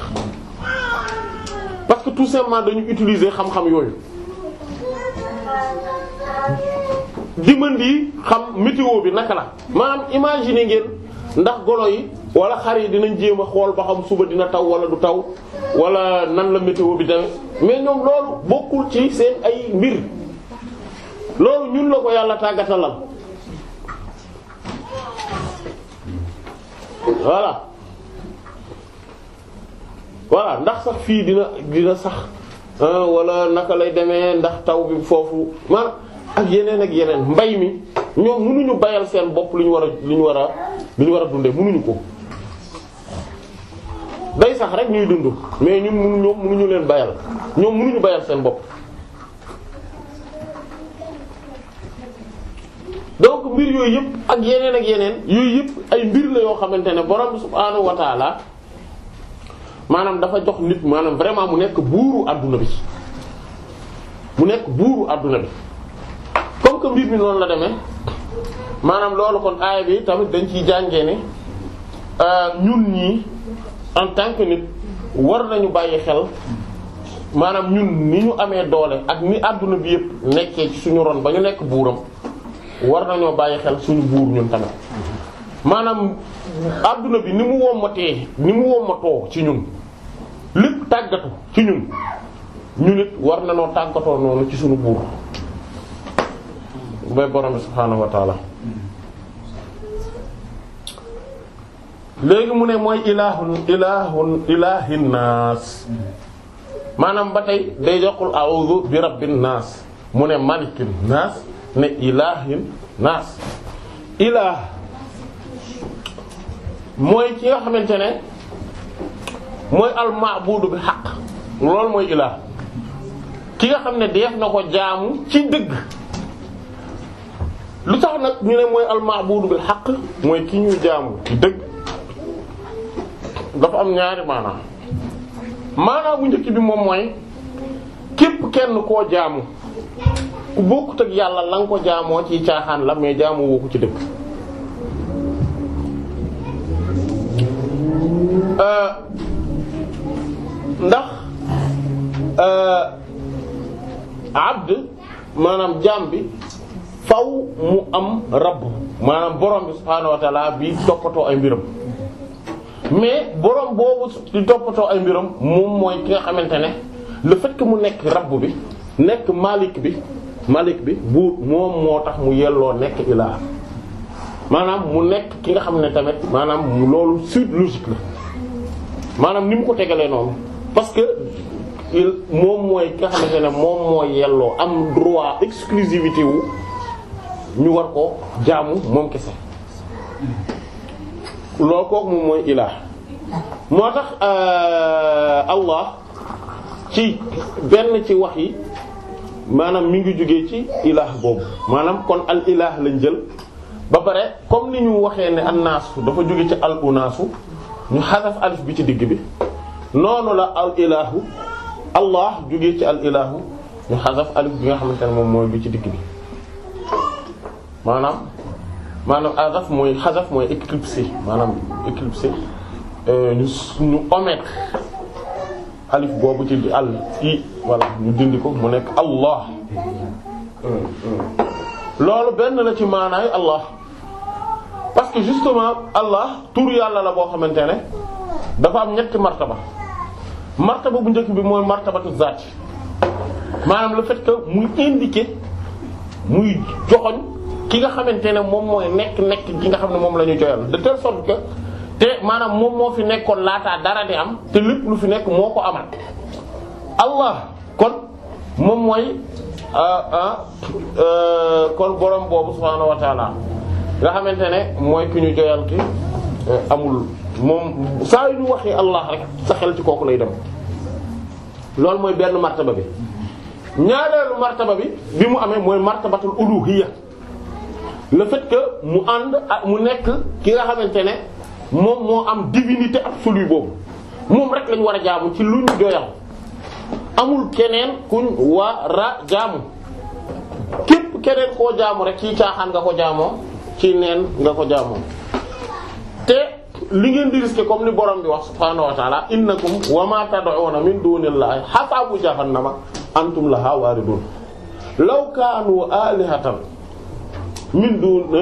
A: parce que tout simplement dañu utiliser xam-xam yooyu di mën di xam météo bi naka la maanaam imaginer ngeen ndax golo yi wala xar yi dinañ jéem a xool ba xam suba dina taw wala du taw wala nan la météo bi demee mais ñoom loolu bokkul ci seen ay mbir loolu ñun la ko yàlla tàggatalal voilà voilà ndax sax fii dina dina sax walla naka lay demee ndax taw bi foofu man ak yeneen ak yeneen mbay mi ñoom mënuñu bayal seen bopp lu ñu war a lu ñu war a lu ñu war a dundee mënuñu ko. day sax rek ñuy dund mais ñun mu ñoom mënuñu leen bayal ñoom mënuñu bayal seen bopp donc mbir yooyu yëpp ak yeneen ak yeneen yooyu yëpp ay mbir la yoo xamante ne borom subhaanahu wa maanaam dafa jox nit maanaam vraiment mu nekk buuru adduna bi mu nekk buuru àdduna bi comme que mbir mi noonu la deme maanaam loolu kon aaya bi tamit dañ ci jàngee ne euh, ñun ñii en tant que nit war nañu bàyyi xel maanaam ñun ni ñu amee doole ak ni àdduna bi yëpp nekkee ci suñu ron ba ñu nekk buuram war nañoo bàyyi xel suñu buur ñun tamit maanaam àdduna bi ni mu wommatee ni mu wommatoo ci ñun lépp tàggatu ci ñun ñu nit war ñoo tàggatoo noonu ci suñu buur bay borom bi subhaanahu wa léegi mu ne mooy ilaahun ilaahun ilaahin naas maanaam ba tey day joxul a'udhu bi rabbin naas mu ne malikin naas ne ilaahin naas ilaah mooy ki nga xamante ne mooy almaabudu bi xaq loolu mooy ilaah ki nga xam ne def na ko jaamu ci dëgg lu tax nag ñu ne mooy almaabudu bi xaq mooy ki ñuy jaamu ci dëgg dafa am ñaari maanaam maanaam bu njëkk bi moom mooy képp kenn koo jaamu ku bokkut ak yàlla la nga ko jaamoo ci caaxaan la mais jaamu woo ko ci dëkk. Euh, ndax euh, abd maanaam jaam bi faw mu am rabb maanaam borom bi subhaanahu wa ta'ala bi ay mbiram mais borom boobu di toppatoo ay mbiram moom mooy ki nga xamante ne la fait que mu nekk rabb bi nekk malik bi malik bi buur moom moo tax mu yelloo nekk ilaa maanaam mu nekk ki nga xam ne tamit maanaam loolu suite logique la maanaam ni mu ko tegalee noonu parce que il moom mooy ki nga xamante ne moom mooy yelloo am droit exclusivité wu ñu war ko jaamu moom kese loolu kooku moom mooy ilah moo tax euh, allah ci benn ci wax yi maanaam mi ngi jógee ci ilah boobu maanaam kon al ilah lañ jël ba pare comme ni ñu waxee ne an naasu dafa jóge ci al unaasu ñu xasaf alif bi ci digg bi noonu la al ilahu allah jógee ci al ilahu ñu xasaf alif bi nga xamante ne moom mooy bi ci digg bi maanaam maanaam azaf mooy xasaf mooy maanaam éclipsé euh, ñu ñu alif boobu ci di al i voilà ñu dindi ko mu nekk allah euh,
B: euh.
A: loolu benn la ci maanaayu allah parce que justement allah tur yàlla la boo xamante ne dafa am ñetti martaba martaba bu njëkk bi mooy martabatu zaat maanaam le fait que muy indiquer muy joxoñ ki nga xamante ne moom mooy nekk nekk gi nga xam ne moom la ñu joyal de telle sorte que te maanaam moom moo fi nekkoon laataa dara di am te lépp lu fi nekk moo ko amal allah kon moom mooy ah, ah, euh, kon borom boobu subhaanahu wa nga xamante ne mooy ki ñu joyal euh, amul moom saa yu ñu waxee allah rek sa xel ci kooku lay dem loolu mooy benn martaba bi ñaareelu martaba bi bi mu amee mooy martabatul uluhiyya la fait que mu ànd ak mu nekk ki nga xamante ne moom moo am divinité absolue boobu moom rek lañ war a jaamu ci lu ñu doyal amul keneen kuñ war a jaamu képp keneen koo jaamu rek ci caaxaan nga ko jaamoo ci neen nga ko jaamoo te li ngeen di risqué comme ni borom bi wax subhaanahu wa ta'ala innakum wa ma tad'una min dunillahi hasabu jahannama antum laha waridun law kanu alihatan min duun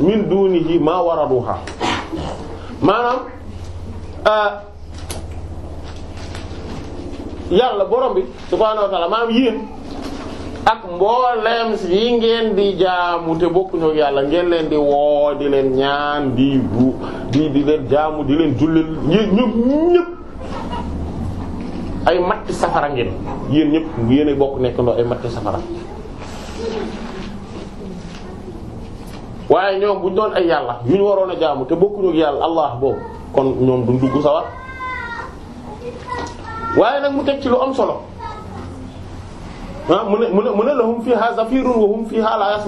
A: min duunihi maa waraduha maanaam euh, yàlla borom bi subhaanahu wa ta'ala maanaam ak mbooleem yi ngeen di jaamu te bokkuñu ak yàlla ngeen leen di woo di leen ñaan di bu di di leen jaamu di leen jullil ñoom ñëpp ay matti safara ngeen yéen ñëpp yéen a bokk nekk ndox ay matti safara waaye ñoom bu ñu ay yàlla yu ñu waroon a jaamu te bokkuñu ak yàlla allah boobu kon ñoom duñ dugg sawar waaye nag mu teg ci lu am solo ah mu ne mu ne mu ne lahum fiha zafirun wa hum fiha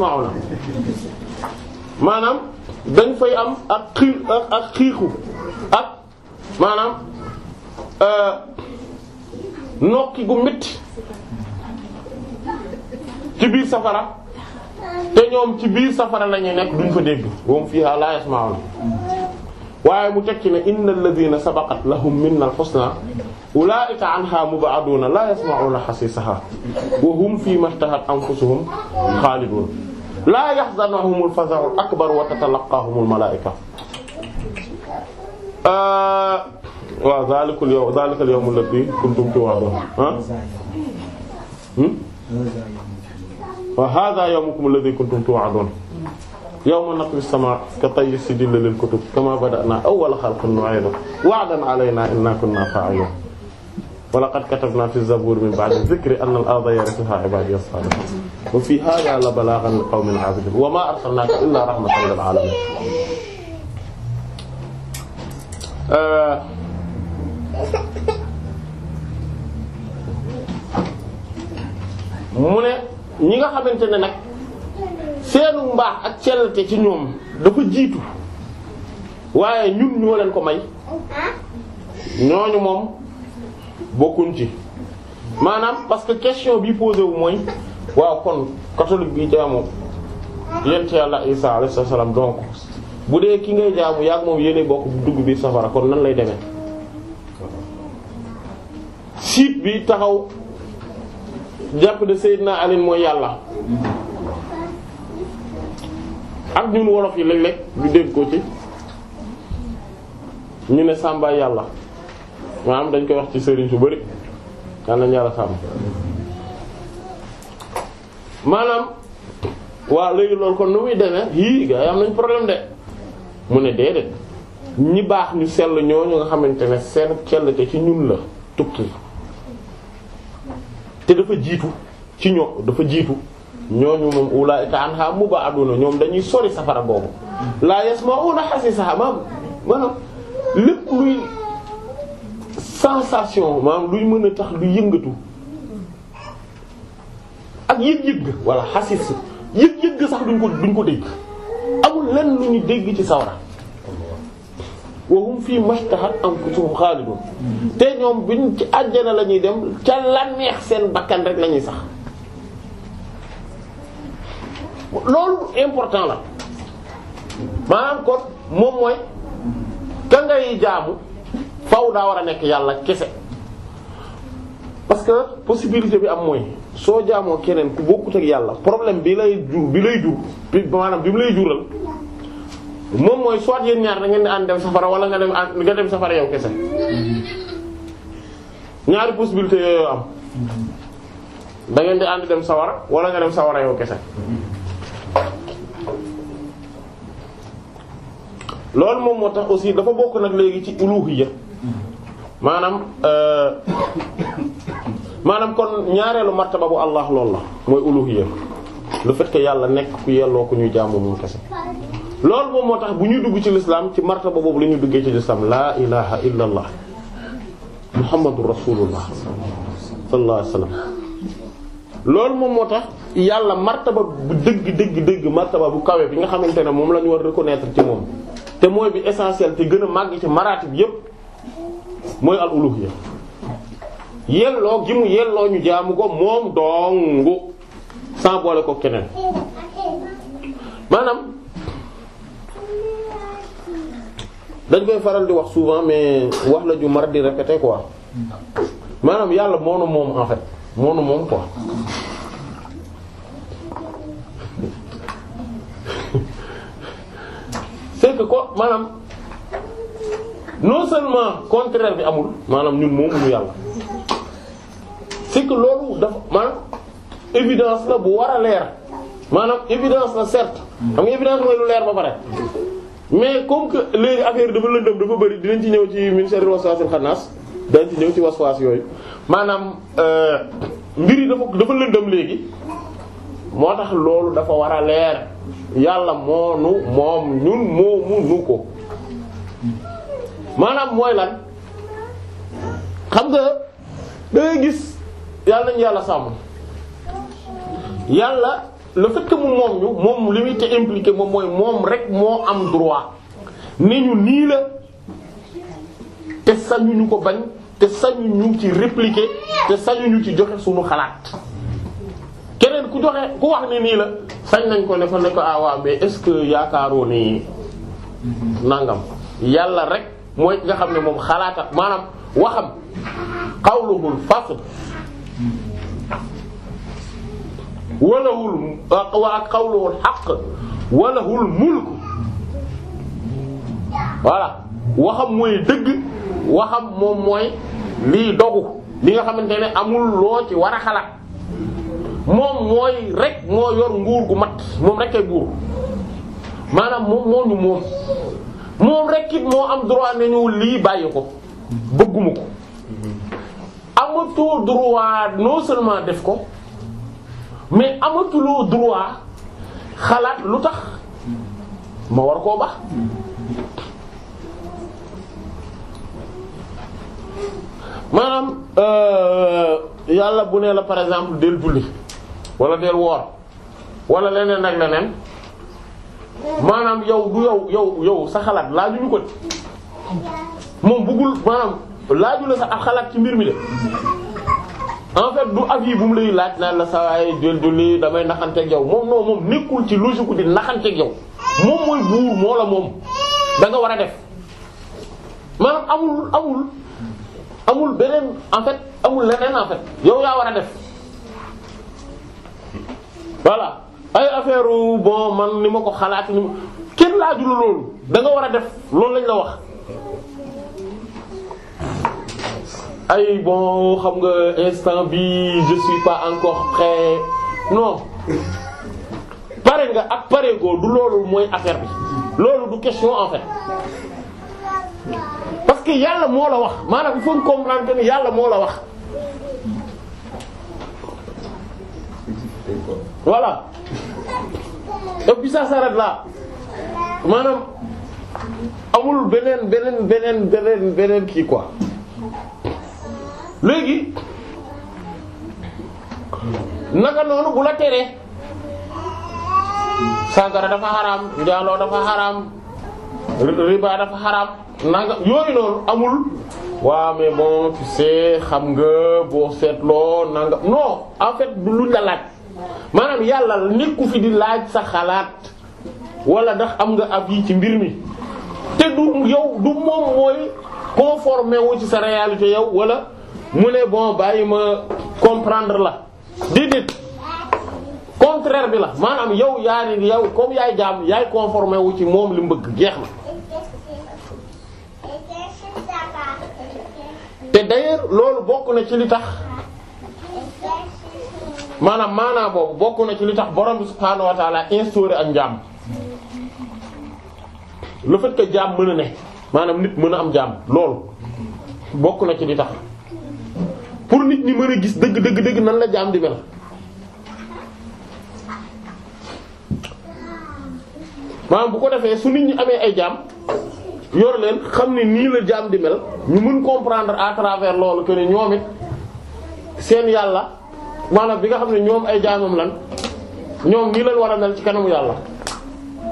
A: maanaam dañ fay am ak xiir ak xiixu ak maanaam euh, nokki gu métti ci biir safara te ñoom ci biir safara la ñuy nekk duñ fa dégg moom fiihaa laa yasma'uun waaye mu tekki ne innal ladhiina sabaqat lahum minnal husnaa ulaa'ika anhaa mub'aduuna laa yasma'uuna hasiisahaa wa hum fiimaa ishtahat anfusuhum xaaliduun laa yahzanuhumul faza'ul akbar wa tatalaqaahumul malaa'ika waaw zaalikal yawm zaalikal yawmul ladhii kuntum tuu'aduun wa hadha yawmukum alladhi kuntum tu'adun yawma naqmi as-samaa ka tayyi as-sijilli lil kutub kama bada'na awwala khalqin nu'idu wa'dan 'alaynaa inna kunna faa'ilin wa laqad katabna fi az-zabur min ba'di adh-dhikri anna al-ardha yarithuha 'ibadiy as-salihin wa fi hadha la balaghan li qawmin 'abidin wa ma arsalnaka illa rahmatan lil 'alamin mu ne ñi nga xamante ne nag seenu mbaax ak sellte ci ñoom dafa jiitu waaye ñun ñoo leen ko may ñooñu moom bokkuñ ci maanaam parce que question bi posé wu mooy waaw kon catholique bi jaamu yent yàlla isa alayhi salaam donc bu dee ki ngay jaamu yaag moom yéene bokk dugg biir safara kon nan lay demee siit bi taxaw jàpp de Seydina Ali mooy yàlla ak ñun wolof yi léeg lu ñu dégg ko ci ñu ne Samba yàlla maanaam dañ koy wax ci sëriñ su bari daan nañ maanaam waaw léegi loolu kon nu muy demee yii gaa yi am nañ problème de mu ne déedéet ñi baax ñu sell ñu nga xamante ne seen sell te ci ñun la tukki. dafa jiitu ci ñoo dafa jiitu ñooñu moom ulaa'ika anhaa muba'aduuna ñoom dañuy sori safara boobu laa yasma'uuna hasiisahaa maanaam lépp luy sensation maanaam luy mën a tax lu yëngatu ak yëg-yëg walla xasis yëg-yëg sax duñ ko duñ ko dégg amul lenn lu ñu dégg ci sawara wa hum fii mashtahat anfusuhum xaalidun te ñoom buñ ci àjjana la ñuy dem ca la neex seen bakkan rek la ñuy sax loolu important la maanaam kon moom mooy ka ngay jaamu faw daa war a nekk yàlla kese parce que possibilité bi am mooy soo jaamoo keneen ku bokkut ak yàlla problème bi lay jur bi lay jur maanaam bi mu lay jural moom mooy soit yéen ñaar da ngeen di ànd dem safara wala nga dem nga dem safara yow kese ñaari possibilité yooyu am da di ànd dem sawara wala nga dem sawara yow kese loolu moom moo tax aussi dafa bokk nag léegi ci uluhiyya maanaam euh, maanaam kon ñaareelu martaba bu Allah loolu la mooy uluhiyya le fait que yàlla nekk ku yelloo ku ñuy jaamu moom kese. loolu moom moo tax bu ñuy dugg ci lislaam ci martaba boobu la ñuy duggee ci lislaam laa ilaha illa allah muhammadu rasulullah sallallahu alayhi wasallam loolu moom moo tax yàlla martaba bu dëgg dëgg dëgg martaba bu kawee bi nga xamante ne moom lañu ñu war reconnaître ci moom te mooy bi essentiel te gën a màgg ci maratib yépp mooy al uluhiyya yelloo gi mu yelloo ñu jaamu ko moom dongu sans boole ko keneen maanaam dañ koy faral di wax souvent mais wax la ju mar di répéter quoi maanaam yàlla moonu moom en fait moonu moom quoi c'est ko maanaam non seulement contraire bi amul maanaam ñun moomuñu yàlla c'est que loolu dafa maanaam évidence la bu war a leer maanaam évidence la certes xam nga évidence mooy lu leer ba pare mais comme que léegi affaire dafa lëndëm dafa bëri dinañ ci ñëw ci ministère waswaasil xannaas dinañ ci ñëw ci waswaas yooyu maanaam euh, mbir yi dafa dafa lëndëm léegi moo tax loolu dafa war a leer yàlla moonu moom ñun moomu nu ko maanaam mooy lan xam nga da gis yàlla nañu yàlla sàmm yàlla le fait mu moom ñu moom li muy te impliqué moom mooy moom rek moo am droit ni ñu nii la te sañuñu ko bañ te ñu ci répliquer te ñu ci joxe suñu xalaat keneen ku joxe ku wax ne nii la sañ nañ ko ne ko ne ko ah waaw mais est-ce que yaakaaroo ni nangam yàlla rek mooy nga xam ne moom xalaata maanaam waxam xawluhul fasl walahul wa qawluhul haqq walahul mulk voilà waxam mooy dëgg waxam moom mooy lii dogu li nga xamante ne amul loo ci war a xalaat moom mooy rek moo yor nguur gu mat moom rek ay maanaam moom moom moom rek moo am droit ne lii bàyyi ko bëgguma ko amatoo droit noo seulement def ko mais amatuloo droit xalaat lu tax ma war koo baax maanaam euh, yàlla bu ne la par exemple del julli wala del woor wala leneen ak leneen maanaam yow du yow yow yow sa xalaat laajuñu ko moom bëggul maanaam laaju la sa ak xalaat ci mbir mi de en fait ak avis bu mu lay laaj naa la saa waay jël julli damay naxanteeg yow moom non moom nekkul ci logique di naxanteeg yow moom mooy buur moo la moom danga war a def maanaam amul amul amul beneen en amul leneen en fait yow yaa war a def voilà ay affaire bon man ni ma ko xalaat ni kenn laajul loolu da war a def loolu lañ la wax. ay bon xam nga instant bi je suis pas encore non pare nga ak pare goo du loolu mooy affaire bi loolu du question en parce que yàlla moo la wax maanaam il faut comprendre que yàlla moo la wax voilà et puis ça s'arrête maanaam amul beneen beneen beneen beneen beneen kii quoi léegi naka noonu bu la teree sàngara dafa xaraam njaaloo dafa xaraam riba dafa xaraam nanga yooyu noonu amul waaw mais bon tu sais xam nga boo seetloo nanga non en fait du luñ la maanaam yàlla nekku fi di laaj sa xalaat wala ndax am nga ab yi ci mbir mi te du yow du moom mooy ci sa réalité yow wala mu ne bon bàyyi ma comprendre la déedéet contraire bi la maanaam yow yaa ni yow comme yaay jaam yaay conformé wu ci moom li mu bëgg jeex na. te d'ailleurs loolu bokk na ci li tax maanaam maanaam boobu bokk na ci li tax borom bi subhaanahu ak njaam le fait ne maanaam nit mën a am jaam loolu bokk na ci li tax. pour nit ñi mën a gis dëgg dëgg dëgg nan la jaam di mel maanaam bu ko defee su nit ñi amee ay jaam yore leen xam ne nii la jaam di mel ñu mën comprendre à travers loolu que ne ñoom seen yàlla maanaam bi nga xam ne ñoom ay jaamam lan ñoom nii lañ war a mel ci kanamu yàlla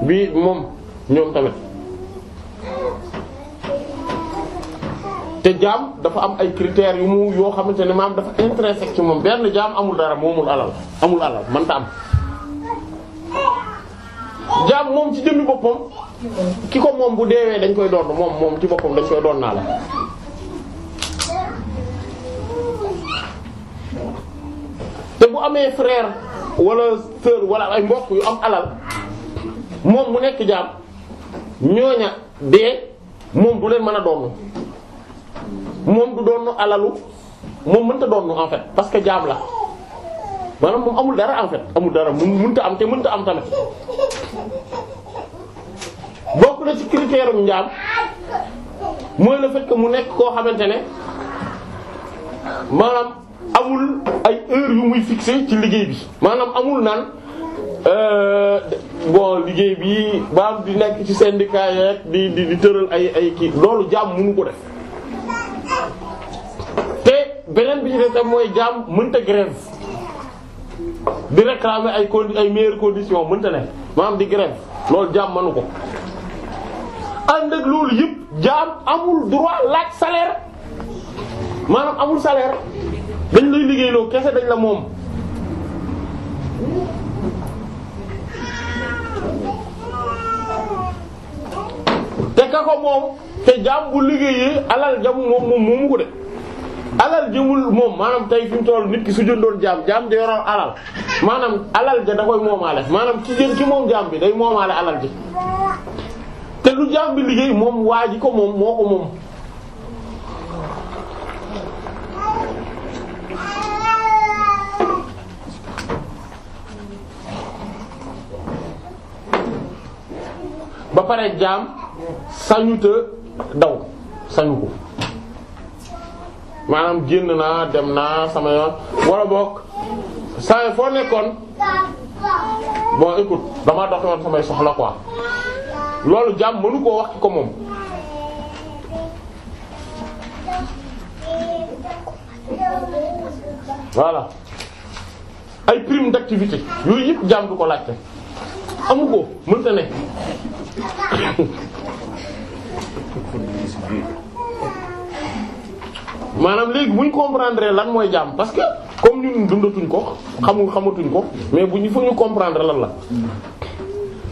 A: bi moom ñoom tamit te jaam dafa am ay critères yu mu yoo xamante ne maam dafa intrinsèque ci moom benn jaam amul dara moomul alal amul alal mënta am. jaam moom ci boppam ki ko moom bu deewee dañ koy doon moom moom ci boppam dañ koy doon te bu amee frère wala sœur wala ay mbokk yu am alal moom mu nekk jaam ñooña dee moom du leen mën a doon. moom du doon alalu moom mënta doon en fait parce que jaam la maanaam moom amul dara en amul dara mu mënta am te mënta am tamit bokk na ci critère njaam mooy le fait mu nekk koo xamante ne maanaam amul ay heure yu muy fixé ci liggéey bi maanaam amul naan euh, bon liggéey bi baam di nekk ci syndicat yeeg di di di tëral ay ay kii loolu jaam mënu ko def. te beneen bi ci des tam mooy jaam mënta grève di réclamer ay condi ay meilleures conditions mënta ne maanaam di grève loolu jaam manu ko ànd ak loolu yëpp jaam amul droit laaj salaire maanaam amul salaire dañ lay liggéeyloo kese dañ la moom te ka ko moom te jaam bu liggéeyee alal jamu moom moom moomu ko de alal jëmul moom maanaam tey fi mu toll nit ki su jëndoon jaam jaam di yoroon alal maanaam alal ja da koy moomaale maanaam ci jën ci moom jaam bi day moomaale alal ji te lu jaam bi liggéey moom waa ji ko moom moo ko moom. ba pare jaam sañu daw sañu ko maanaam génn naa dem naa sama yoon wala bokk saa foo nekkoon bon écoute damaa doxewoon samay soxla quoi loolu jàmm mënu koo wax ko moom. voilà ay prime d'activité yooyu yëpp jàmm du ko laajte amu ko mënta ne. maanaam léegi bu ñu comprendre lan mooy jàmm parce que comme ñun dundatuñ ko xamul xamatuñ ko mais bu ñu fa ñu comprendre lan la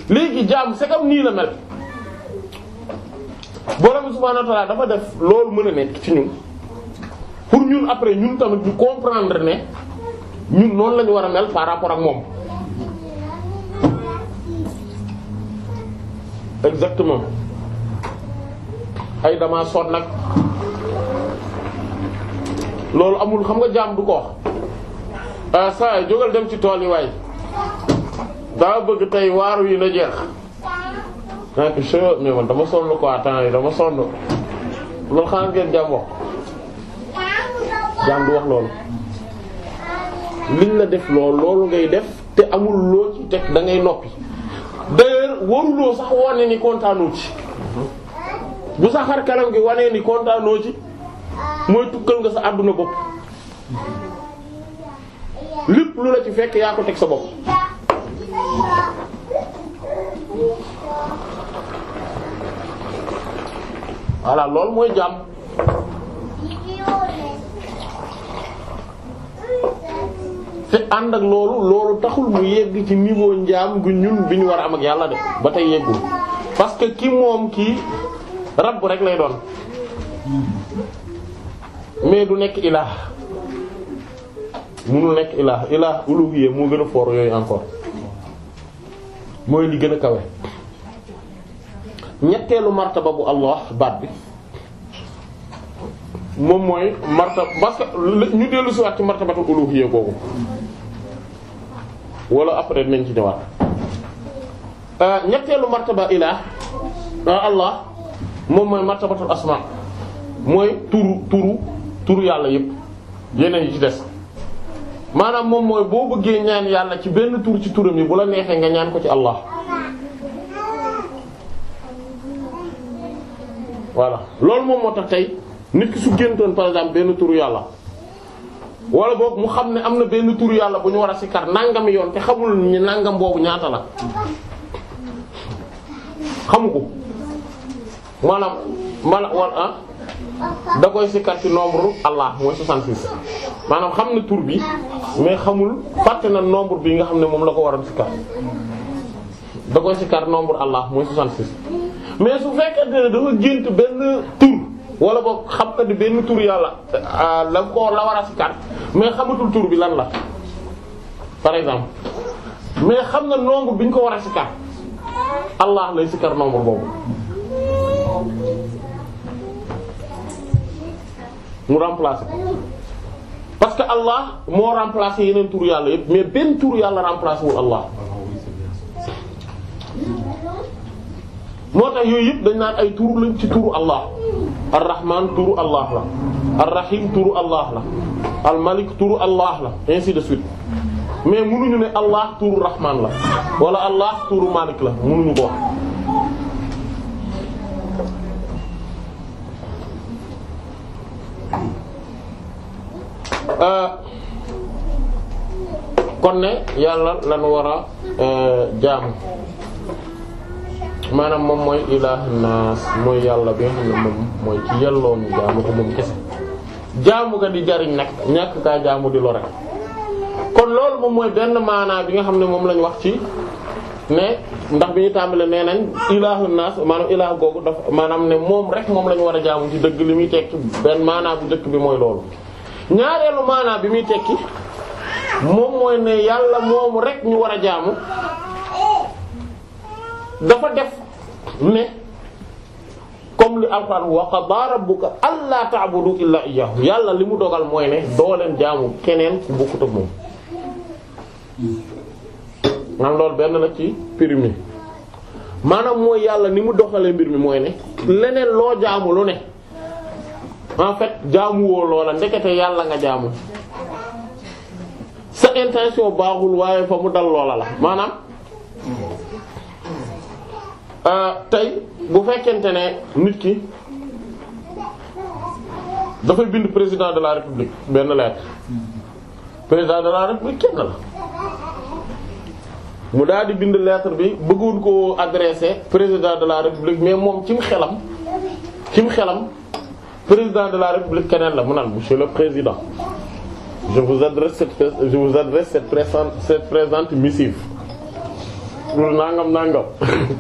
A: léegi jàmm c'est comme nii la mel borom subhaanahu wa ta'ala dafa def loolu mën a nekk ci ñun pour ñun après ñun tamit ñu comprendre ne ñun noonu la ñu war a mel par rapport ak moom. exactement. ay dama soot nag loolu amul xam nga jaam du ko wax ah, saa jógal dem ci tool yi waay daa bëgg tey waaru yi na jeex ah mais man dama sonn quoi temps yi dama sonn loolu xanaa ngeen jaam wax
B: jaam du wax loolu
A: liñ la def loolu loolu ngay def te amul loo ci teg da ngay noppi d'ailleurs waruloo sax wane ni kontaanoo ci bu sa xar kanam gi wanee ni kontaanoo ci mooy tukkal nga sa àdduna bopp lépp lu la ci fekk yaa ko teg sa bopp voilà loolu mooy jàmm te ànd ak loolu loolu taxul mu yegg ci niveau njaam gu ñun bi ñu war a am ak yàlla de ba tey yeggul parce ki moom kii rabb rek lay doon mais du nekk ilaah munul nekk ilaah ilaah uluhiyya moo gën a foor yooyu encore mooy li gën a kawe ñetteelu martaba bu allah baat bi moom mooy martaba parce que ñu dellu si waat ci martabatu uluhiyya boobu walla après nañ ci ñëwaat euh, ñetteelu martaba ilaah euh, allah moom mooy martabatul asma mooy turu turu turu yàlla yëpp yeneen yi ci des maanaam moom mooy boo bëggee ñaan yàlla ci benn tur ci turam yi bu la neexee nga ñaan ko ci Allah voilà loolu moom moo tax tey nit ki su géntoon par exemple benn turu yàlla wala boog mu xam ne am na benn turu yàlla bu ñu war a sikkar nàngam yoon te xamul ni nangam boobu ñaata la xamu ko maanaam mala wal ah da koy sikkar ci nombre Allah mooy 66 maanaam xam na tur bi mais xamul fàtte na nombre bi nga xam ne moom la ko war a sikkar da koy sikkar nombre Allah mooy 66 mais su fekkente ne dafa gént benn tur wala boog xam nga di benn tur yàlla ah, la ko la war a sikkar mais xamatul tour bi lan la par exemple mais xam nga nombre bi ñu ko war a sikkar Allah lay sikkar nombre boobu. mu remplacer parce que Allah moo remplacer yeneen tur yàlla yëpp mais benn tur yàlla remplacer wul Allah moo tax yooyu yëpp dañ naan ay tur lañ ci turu Allah ar-Rahman turu Allah la ar-Rahim turu Allah la al-Malik turu Allah la ainsi de suite mais mënuñu ne Allah turu Rahman la wala Allah turu Malik la mënuñu ko Euh, kon ne yàlla lan war a euh, jaam moom mooy ilaahi naas mooy yàlla bi moom mooy ci yelloo ñu jaamu ko moom kese jaamu ga di jariñ nag ñàkk kaa jaamu di lore kon loolu moom mooy benn maanaa bi nga xam ne moom lañ wax ci ne ndax bi ñu tàmbalee nee nañ ilaahu naas maanaam ilaah googu dafa maanaam ne moom rek moom lañu war a jaamu ci dëgg li muy tekki benn maanaa bu njëkk bi mooy loolu ñaareelu maanaam bi muy tekki moom mooy ne yàlla moomu rek ñu war a jaamu dafa def ne comme li alxuraan wa qadaa rabbuka allaa ta'budu illaa yàlla li mu dogal mooy ne doo leen jaamu keneen ku bokkut ak moom man loolu benn la ci périmé maanaam mooy yàlla ni mu doxalee mbir mi mooy ne leneen loo jaamu lu ne en fait jaamuwoo loola ndekete yàlla nga jaamu sa intention baaxul waaye fa mu dal loola la maanaam euh, tey bu fekkente ne nit ki dafay bind président de la république benn lettre président de la république kenn la mu daal di bind lettre bi bëggoon ko adressé président de la république mais moom cim xelam cim xelam président de la république keneen la mu naan monsieur le président je vous adresse cette je vous adresse cette présente cette présente missive pour nangam nangam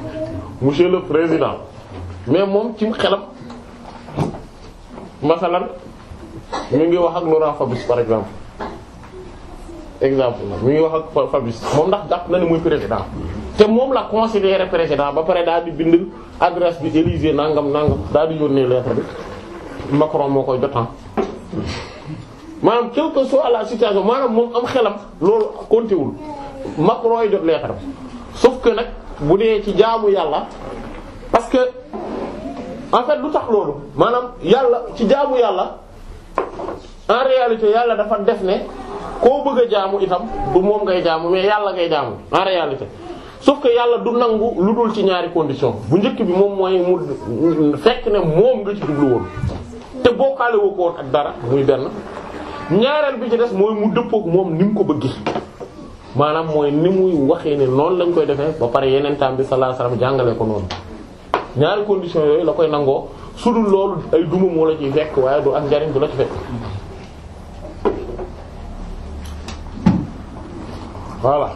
A: monsieur le président mais moom ci xelam masalan mi ngi wax ak Laurent Fabius par exemple exemple mi ngi wax ak Fabius moom ndax jàpp na ne muy président te moom la considéré président ba pare daal di bind adresse bi Élysée nangam nangam daal di yónnee lettre bi. Macron moo koy jotaan ah. maanaam quel que soit la situation maanaam moom am xelam loolu kontiwul Macron yi jot leetaram sauf que nag bu dee ci jaamu yàlla parce que en fait lu tax loolu maanaam yàlla ci jaamu yàlla en réalité yàlla dafa def ne koo bëgg a jaamu itam du moom ngay jaamu mais yàlla ngay jaamu en réalité sauf que yàlla du nangu lu dul ci ñaari condition bu njëkk bi moom mooy mu fekk ne moom nga ci jublu woon te bokkaale woo ko woon ak dara muy benn ñaareel bi ci des mooy mu dëppook moom ni mu ko bëggee maanaam mooy ni muy waxee ne noonu lañ koy defee ba pare yeneen taam bi sallallahu alayhi wasallam jàngale ko noonu ñaari condition yooyu la koy nangoo su dul loolu ay duma moo la ciy fekk waaye du ak njariñ du la ci fekk voilà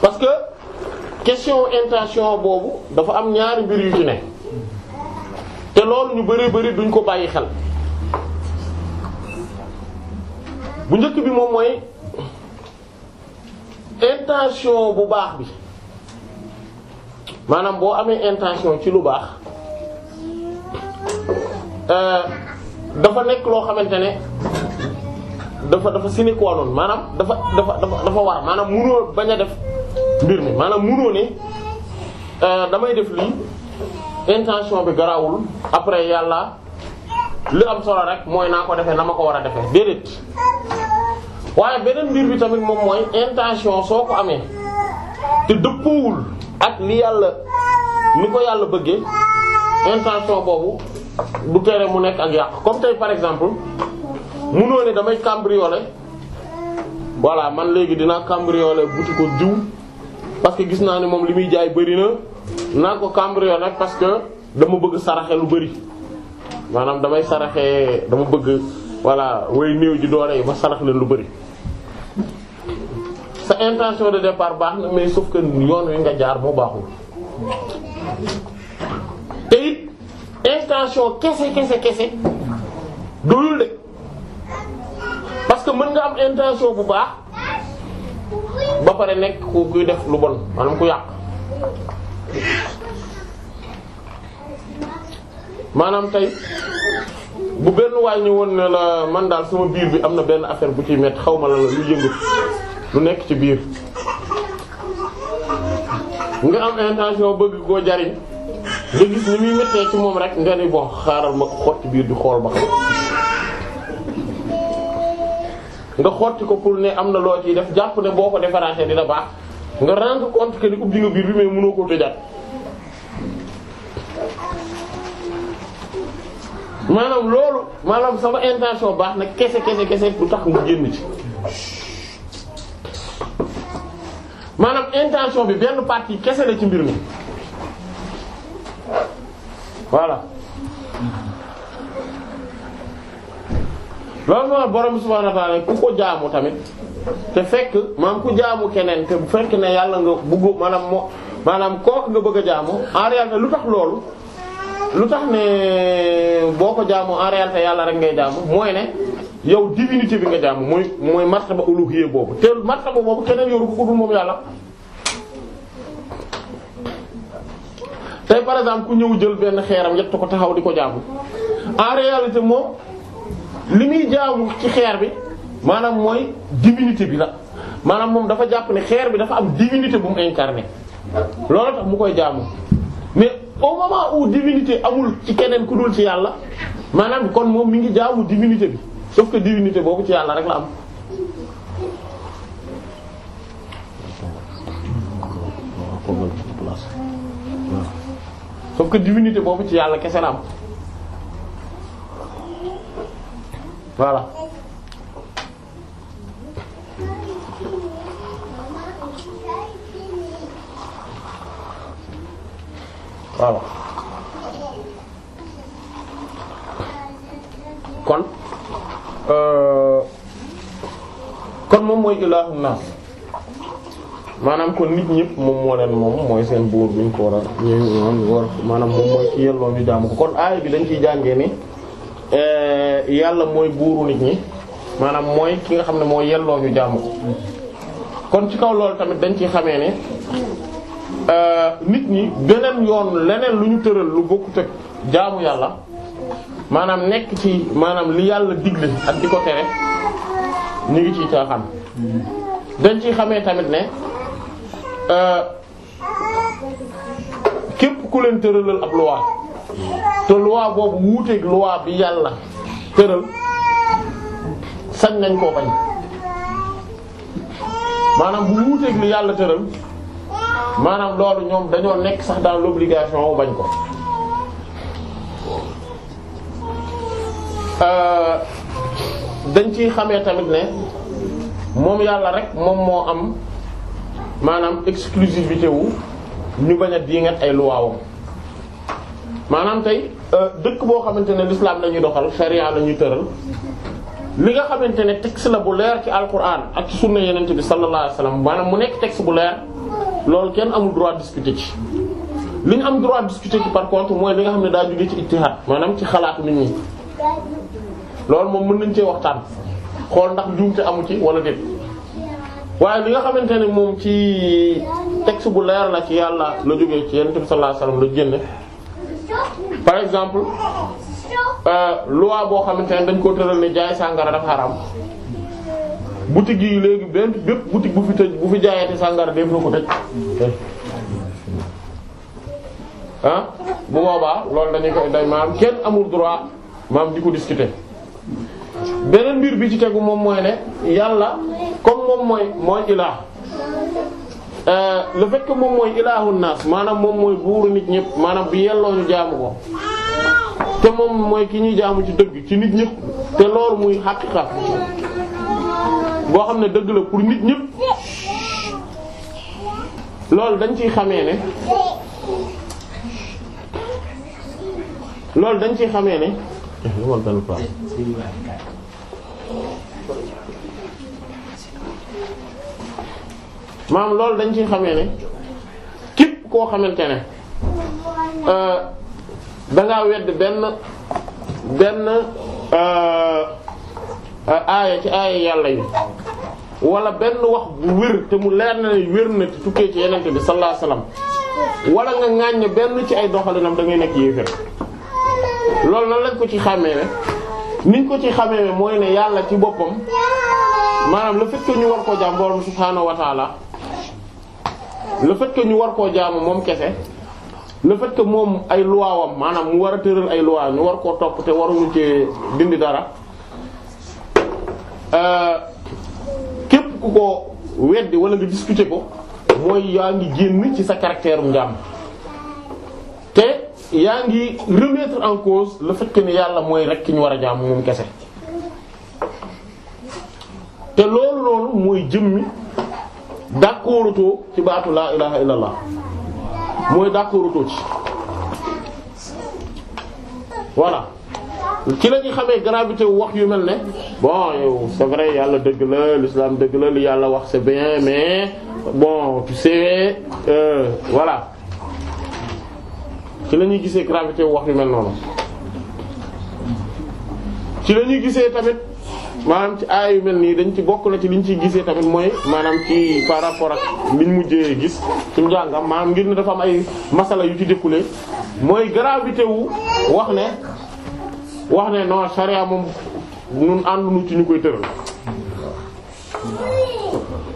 A: parce que question intention boobu dafa am ñaari mbir yu ci ne te loolu ñu bari bari duñ ko bàyyi xel bu njëkk bi moom mooy intention bu baax bi maanaam boo amee intention ci lu baax euh, dafa nekk loo xamante ne dafa dafa sine qua maanaam dafa dafa dafa dafa war maanaam mënoo bañ a def mbir mi maanaam munoo ne euh, damay def lii intention bi garawul après yàlla li am solo rek mooy naa ko defee na ma ko war a defee déedéet waaye beneen mbir bi tamit moom mooy intention soo ko amee te dëppoowul ak li yàlla ni ko yàlla bëgge intention boobu du tere mu nekk ak yàq comme tey par exemple munoo ne damay cambrioler voilà man léegi dinaa cambrioler boutique ko diw parce que gis naa ne moom li muy jaay bari na naa ko cambrioler rek parce que dama bëgg saraxe lu bëri maanaam damay saraxe dama bëgg voilà way néew ji doole yi ma sarax leen lu bari sa intention de départ baax na mais sauf que yoon wi nga jaar moo baaxul te it intention kese kese kese doyul de parce que mën nga am intention bu baax ba pare nekk ku kuy def lu bon maanaam ku yàq maanaam tey bu benn wàññi ñëwoon ne la man daal suma biir bi am na benn affaire bu ciy métti xaw ma la la lu yëngu lu nekk ci biir nga am intention bëgg koo jariñ nga gis ni muy méttee ci moom rek nga ni bon xaaral ma xotti biir di xool ba xam nga xotti ko pour ne am na loo ciy def jàpp ne boo ko defaraatee dina baax nga rendre compte que ni ubbi nga biir bi mais mënoo koo tëjaat maanaam loolu maanaam sama intention baax na kese kese kese bu tax mu génn ci maanaam intention bi benn partie kese la ci mbir mi voilà. loolu moo borom subhaanahu wa ta'aala ku ko jaamoo tamit te fekk maanaam ku jaamu keneen te bu fekk ne yàlla nga bëgg maanaam moo maanaam kooku nga bëgg a jaamu en réalité lu tax loolu lu tax ne boo ko jaamu en yàlla rek ngay jaamu mooy ne yow divinité bi nga jaamu mooy mooy martaba uluhiyya boobu te martaba boobu keneen yoru ko dul moom par exemple ku ñëw jël benn xeeram yett ko taxaw di ko jaamu moom. li muy jaamu ci xeer bi maanaam mooy divinité bi la maanaam moom dafa jàpp ne xeer bi dafa am divinité bu mu incarné loolu tax mu koy jaamu mais au moment où divinité amul ci keneen ku dul ci yàlla maanaam kon moom mi ngi jaamu divinité bi sauf que divinité boobu ci yàlla rek am. sauf que divinité boobu ci yàlla kese la am. voilà voilà kon euh, kon moom mooy ilaahu naas maanaam kon nit ñëpp moom moo leen moom mooy seen buur bu ñu ko war a ñu maanaam moom mooy ki yelloo ñu jaamu ko kon aaya bi dañ ciy jàngee ni Euh, yàlla mooy buuru nit ñi maanaam mooy ki nga xam ne moo yelloo ñu jaamu ko kon ci kaw loolu tamit dañ ci xamee ne euh, nit ñi beneen yoon leneen lu ñu tëral lu bokkut ak jaamu yàlla maanaam nekk ci maanaam li yàlla digle ak di ko tere ñu ngi ciy caaxaan dañ ciy xamee tamit ne euh, képp ku leen tëralal ab luwaa te loi boobu wuuteeg loi bi yàlla tëral sañ nañ koo bañ maanaam bu wuuteeg li yàlla tëral maanaam loolu ñoom dañoo nekk sax dans l'obligation wu bañ ko. Euh, dañ ciy xamee tamit ne moom yàlla rek moom moo am maanaam exclusivité wu ñu bañ a diiŋat ay luwaawam maanaam tey Euh, dëkk boo xamante ne l'islam la ñuy doxal sharia la ñuy tëral li nga xamante ne texte la bu leer ci alquran ak ci sunna yenente bi sallallahu alayhi wasallam maanaam mu nekk texte bu leer loolu kenn amul droit discuter ci li ñu am droit discuter ci par contre mooy li nga xam ne daa jóge ci ijtihad maanaam ci xalaatu nit ñi loolu moom mën nañ cee waxtaan xool ndax njuumte amu ci wala déet waaye li nga xamante ne moom ci texte bu leer la ci yàlla la jógee ci yenente bi sallallahu alayhi wasallam la par exemple euh, loi boo xamante ne dañ koo tëral ne jaay sàngara dafa xaraam boutique yi léegi benn bépp boutique bu fi tëj bu fi jaayati sàngara def na ko tëj ah bu boobaa loolu dañuy koy dañ maanaam kenn amul droit maam di ko discuter beneen mbir bi ci tegu moom mooy ne yàlla comme moom mooy ilaa Euh, le fait que moom mooy ilaahu naas maanaam moom mooy buuru nit ñëpp maanaam bi yelloo ñu jaamu ko te moom mooy ki ñuy jaamu ci dëgg ci nit ñëpp te loolu muy xaqiqa boo xam ne dëgg la pour nit ñëpp loolu dañ ciy xamee ne loolu dañ ciy xamee ne maanaam loolu dañ ci xamee ne képp koo xamante ne euh, dangaa wedd benn benn euh, euh, aaya ci aaya yàlla yi wala benn wax bu wér te mu leer na ne wér na tukkee ci yenente bi sallallahu walla wasallam wala nga ŋàññ benn ci ay doxalinam da nekk yéefér loolu na lañ ko ci xàmmee ne niñ ko ci xamee mooy ne yàlla ci boppam maanaam le fait que ñu war koo jàmm borom subhaanahu le fait ñu war koo jaamu moom kese le fait que moom ay luwaawam maanaam mu war a tëral ay luwaa ñu war koo topp te waruñu ci dindi dara euh, képp ku ko weddi wala nga discuter ko mooy yaa ngi génn ci sa caractère mu njaam te yaa ngi remettre en cause le fait ni yàlla mooy rek ki ñu war a jàmm moom kese te loolu loolu mooy jëmmi d'accordatoo ci baatu laa ilaha illallah mooy d'accordatoo ci voilà ci la ñu xamee gravité wax yu mel ne bon yow c'est vrai yàlla dëgg la l'islam dëgg la li yàlla wax c'est bien mais bon tu sais euh, ci lañuy ñuy gisee gravité wax yu mel noonu ci la gisee tamit. maanaam ci aay yu mel nii dañ ci bokk na ci ñu ciy gisee tamit mooy maanaam ci par rapport ak ñu mujjee gis suñu jàngam maanaam ngir ne dafa am ay masala yu ci découlé mooy bi wu wax ne wax ne non charia moom ñun ànduñu ci ñu koy tëral.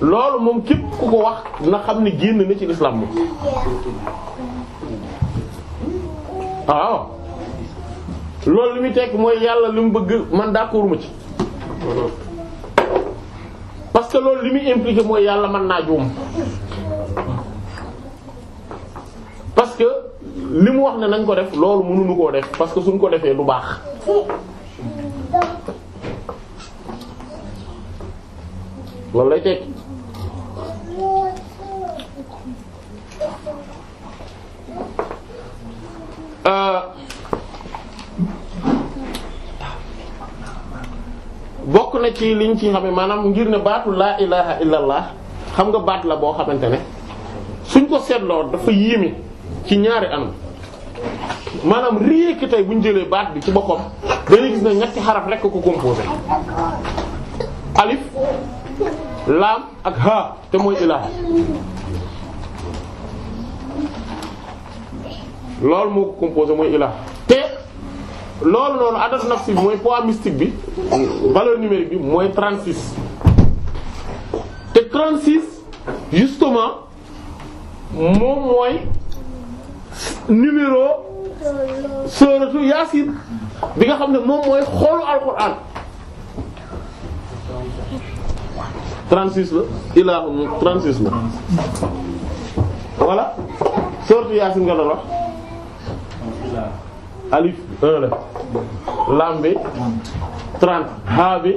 A: loolu moom képp ku ko wax na xam ne génn na ci lislaam moom waaw loolu li muy tekk mooy yàlla li mu bëgg man d'accord ma ci. parce que loolu li muy impliqué mooy yàlla mën naa juum parce que li mu wax ne nañ ko def loolu mënuñu koo def parce que suñ ko defee du baax loolu lay teg bokk na ci liñ ci xame maanaam ngir ne baatu laa ilaha illallah xam nga baat la boo xamante ne suñ ko seetloo dafa yéeme ci ñaari anam maanaam réeki tey buñ jëlee baat bi ci boppam dañuy gis ne ñetti xaraf rekk ko composé alif laam ak ha te mooy ilaha loolu moo ko composé mooy ilaha te loolu noonu adat nafsi bi mooy poids mystique bi valeur numérique bi mooy 36 te 36 justement moom mooy numéro sóoratu yaasin bi nga xam ne moom mooy xoolu alquran 36 la ilaahu 36 la voilà sóoratu yaasin nga doon wax alif 1 la bi 30 ha bi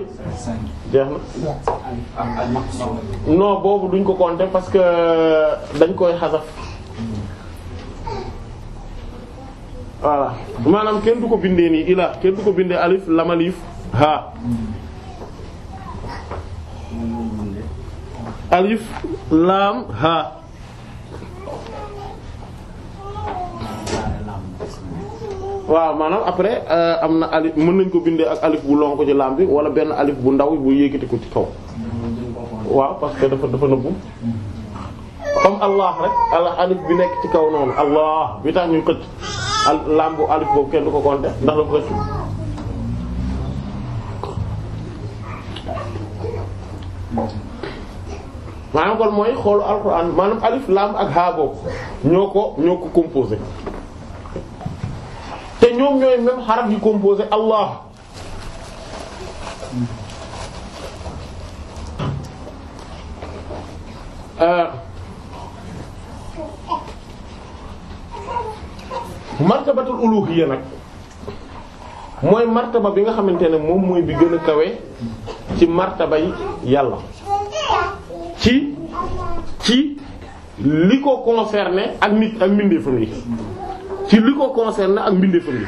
A: jeex na non boobu duñ ko compter parce que euh, dañ koy xasaf voilà maanaam kenn du ko bindee nii ila kenn du ko bindee alif lamalif ha alif lam ha waaw maanaam après euh, am na alif mën nañ ko bindee ak alif bu lonko ci laam bi wala benn alif bu ndaw bu yékkati ko ci kaw. waaw parce que dafa dafa nëbbu. comme allah rek alif bi nekk ci kaw noonu allah bi tax ñu xëcc al laam bu alif boobu kenn du ko compter ndax dafa xëcc. maanaam kon mooy xoolu alxuraan maanaam alif laam ak haa ñoo ko ñoo ko composé. te ñoom ñooy même xaraf yi composé allah euh, martabatul uluhiyya nag mooy martaba bi nga xamante ne moom mooy bi gën a kawe ci martaba yi yàlla ci ci li ko concerné ak nit ak mbindeefam yi ci li ko concerne ak mbindeefam yi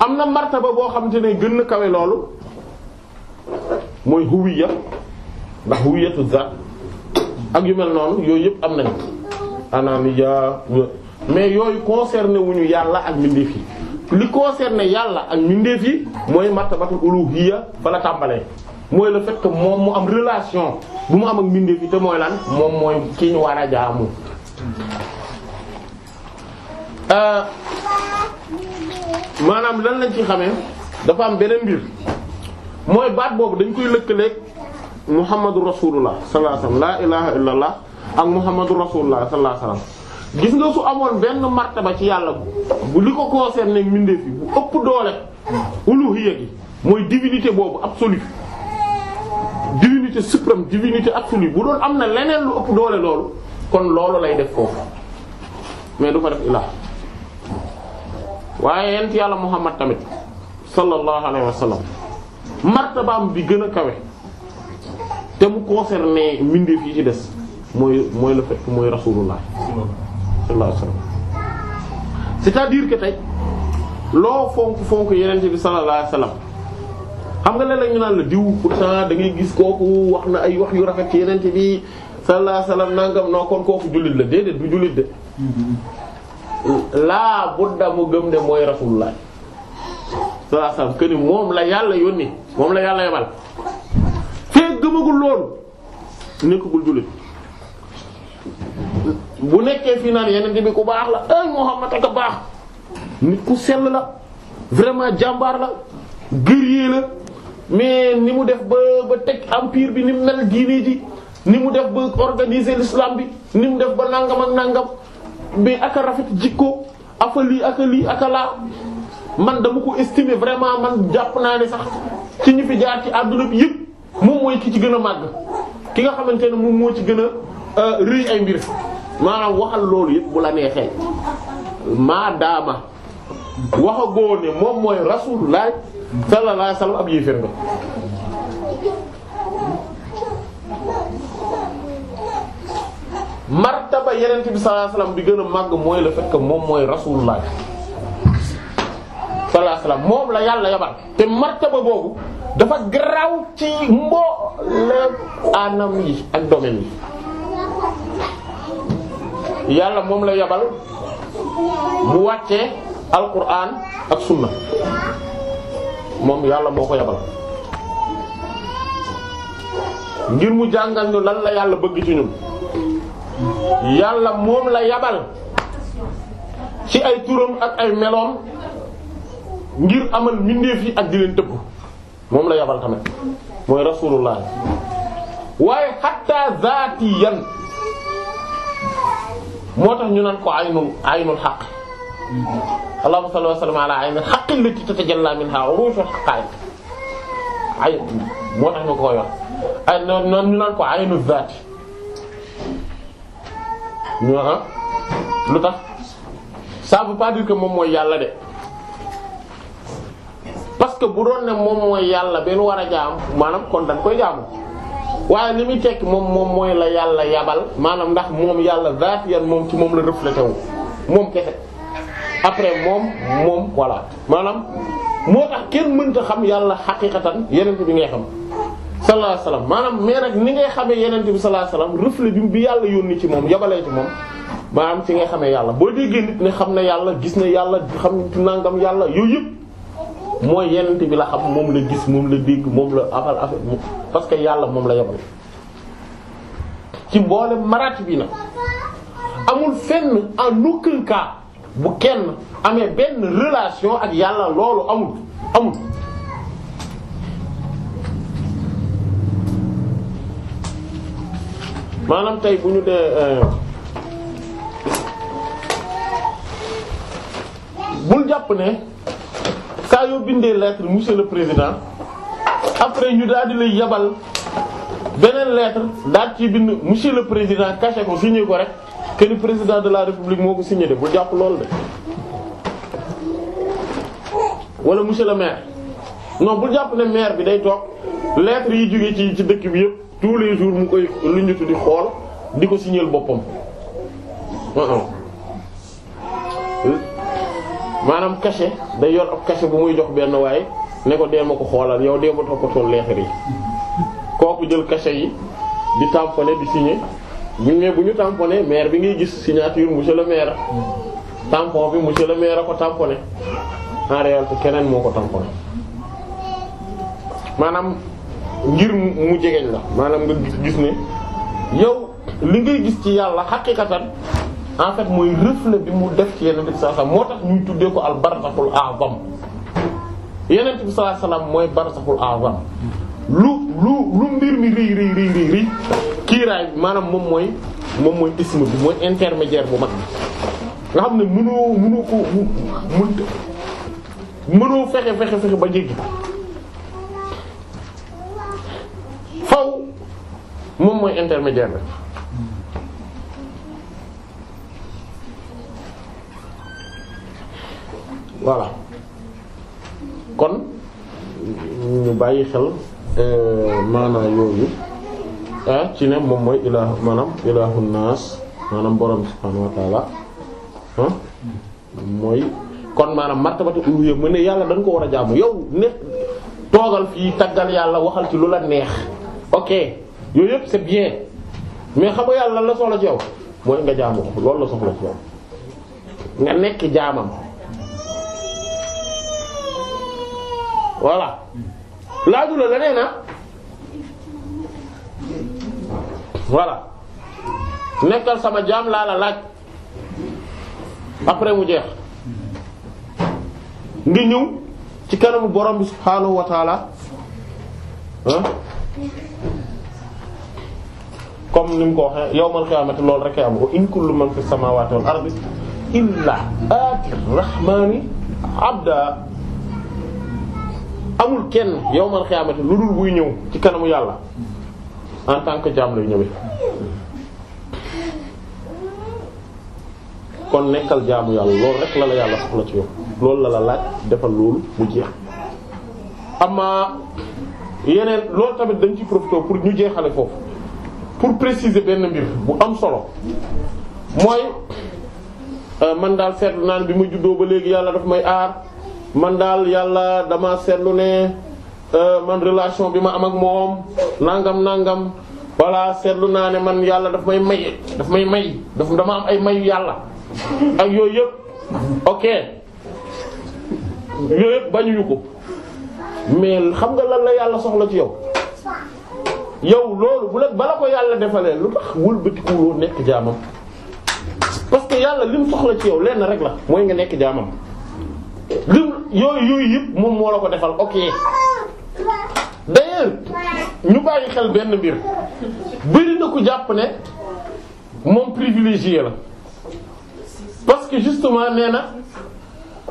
A: am na ba boo xamante ne gën na kawe loolu mooy huwiya ndax huwiyatu zaat ak yu mel noonu yooyu yëpp am nañ ananiya mais yooyu concerné wuñu yàlla ak mbindeef yi li concerné yàlla ak mbindeef yi mooy martabatul uluhiyya fa la tàmbalee mooy la fait que moom mu am relation bu mu am ak mbindeef yi te mooy lan moom mooy ki ñu war a jaamu. Euh, maanaam lan lañ ci xamee dafa am beneen mbir mooy baat boobu dañ koy lëkkaleeg muhammadu rasulullah sallallahu la wasallam laa ilaha illallah ak muhammadu rasulullah la alayhi wasallam gis nga su amoon benn martaba ci yàlla bu li ko concerné mbindeef yi bu ëpp doole uluhiyya gi mooy divinité boobu absolue divinité suprême divinité absolue bu doon am na leneen lu ëpp doole loolu kon loolu lay def foofu mais du fa def ilah waaye yent yàlla Muhammad tamit sallallahu alayhi wa sallam martabaam bi gën a kawe te mu concerné mbindeef yi ci des mooy mooy la fekk mooy rasulullah sallallahu alayhi wa tey loo fonk fonk yeneen bi sallallahu alayhi xam nga léeg-léeg ñu naan la diw pourtant da ngay gis kooku wax na ay wax yu rafet ci yeneen bi sallallahu alayhi wasallam nangam non kon kooku jullit la déedéet du jullit de. laa budda mu gëm ne mooy rasulullah sallallahu alayhi moom la yàlla yónni moom la yàlla yebal fee gëmagul loolu nekkagul jullit bu nekkee fii naan yeneen bi ku baax la ay Muhammad ak baax nit ku sell la vraiment jàmbaar la guerrier la. mais ni mu def ba ba teg empire bi ni mu mel diine di ni mu def ba organiser l'islam bi ni mu def ba nangam ak nangam mais aka rafet jikko aka lii aka lii aka laa man dama ko estimer vraiment man jàpp naa ne sax ci ñu fi jaar ci àdduna bi yëpp moom mooy ki ci gën a màgg ki nga xamante ne moom moo ci gën a euh, rëy ay mbir maanaam waxal loolu yëpp bu la neexee maadaama waxagoo ne moom mooy rasulullah sallallahu alayhi wa sallam ab yéeféer nga martaba yenent bi sallallahu bi gën a màgg mooy le fait moom mooy rasulullah sallallahu moom la yàlla yabal te martaba boobu dafa garaaw ci mbooleem anam yi ak domaine yi yàlla moom la yabal bu wàccee alquran ak sunna moom yàlla moo ko yabal ngir mu jàngal ñu lan la yàlla bëgg ci ñun yàlla moom la yabal ci ay turam ak ay meloom ngir amal mbindeef ak di leen tëbb moom la yabal tamit mooy rasulullah waaye xatta zaatiyan moo tax ñu naan ko aynul aynul xaq allahumma salli wa sallim ala aynin haqqin lati tatajalla minha urushu haqa'iq ay moo tax ñu ko yor ay noonu noonu ñu naan ko ah, lu tax ça bu pas dire moom mooy yàlla de parce que bu doon ne moom mooy yàlla benn war a jaam maanaam kon dañ koy jaamu waaye li muy tekki moom moom mooy la yàlla yabal maanaam ndax moom yàlla zaatiyan moom ci moom la reflété wu moom kese. après moom moom voilà maanaam moo tax kenn mënta xam yàlla xaqiqatan yenent bi ngay xam sallallahu alayhi maanaam mais nag ni ngay xamee yenent bi sallallahu alayhi wasallam reflet bi bi yàlla yónni ci moom yabalee ci moom maanaam ci ngay xamee yàlla boo déggee nit xam na yàlla gis na yàlla xam nangam yàlla yooyu yëpp mooy yenent bi la xam moom la gis moom la dégg moom la afal affaire parce que yàlla moom la yabal ci mboole maraat bi nag amul fenn en aucun cas bu kenn amee benn relation ak yàlla loolu amul amul maanaam tey bu ñu dee euh, bul jàpp ne saa bindee lettre monsieur le président après ñu daal di lay yabal beneen lettre daal ci bind monsieur le président caché ko signé ko rek que président de la république moo ko signé de bul jàpp loolu de wala monsieur le maire non bul jàpp ne maire bi day toog lettres yi jóge ci ci dëkk bi yëpp tous les jours mu koy lu ñu tuddi xool di ko signéel boppam maanaam cachet day yor ab cachet bu muy jox benn waaye ne ko dee ma ko xoolal yow dee ma toppatoo lettres yi kooku jël kase yi di tamponner di signer buñ ne bu ñu tamponné maire bi ngay gis signature mu le maire tampon bi mu le maire a ko tamponné en réalité keneen moo ko tamponné maanaam ngir mu jegeñ la maanaam nga gis ne yow li ngay gis ci yàlla xaqiqatan en fait mooy reflet bi mu def ci yeneen bi sallallahu alayhi wasallam moo ñuy tuddee ko al barzakhul a'zam yeneen bi sallallahu mooy barzakhul a'zam lu lu lu mbir mi rëy rëy maanaam moom mooy moom mooy ism bi mooy intermédiaire bu mag nga xam ne mënoo mënoo ko mën mënoo fexe fexe fexe ba jéggi faw moom mooy intermédiaire bi voilà kon ñu bàyyi xel euh, maanaa yooyu ah ci ne moom mooy ilah maanaam ilahu naas maanaam borom subhaanahu wa taala ah mooy kon maanaam martabatu uluhiyya ma ne yàlla dañ ko war a jaamu yow ne toogal fii taggal yàlla waxal ci lu la neex ok yooyu yëpp c'est bien mais xam nga yàlla la soxla ci yow mooy nga jàmm loolu la soxla ci yow nga nekk jaamam voilà laaju la leneen na voilà nekkal sama jaam laa la laaj après mu jeex nga ñëw ci kanamu borom bi subhaanahu wa taala ah comme ni mu ko waxee yawmal qiyaamati loolu rek am ko in kullu man fi samaawaati wal ardi illa aati rahmaani abda amul kenn yawmal qiyaamati lu dul buy ñëw ci kanamu yàlla en tant que jaam lay kon nekkal jaamu yàlla loolu rek la la yàlla soxla ci yow loolu la la laaj defal loolu mu jeex amaa yeneen loolu tamit dañ ci profité pour ñu jeexale foofu pour préciser benn mbir bu am solo mooy euh, man daal seetlu naan bi ma juddoo ba léegi yàlla daf may aar man daal yàlla dama seetlu ne Euh, man relation bi ma am ak moom nangam nangam voilà seetlu naa ne man yàlla daf may may daf may may daf dama am ay mayu yàlla ak yooyu yëpp ok yooyu yëpp bañuñu ko mais xam nga lan la yàlla soxla ci yow yow loolu bu la bala ko yàlla defalee lu tax wëlbatikuwuloo nekk jaamam parce que yàlla li mu soxla ci yow lenn rek la mooy nga nekk jaamam lim yooyu yooyu yëpp moom moo la ko defal ok d'ailleurs ñu bàyyi xel benn mbir bëri na ku jàpp ne moom privilégié la parce que justement nee na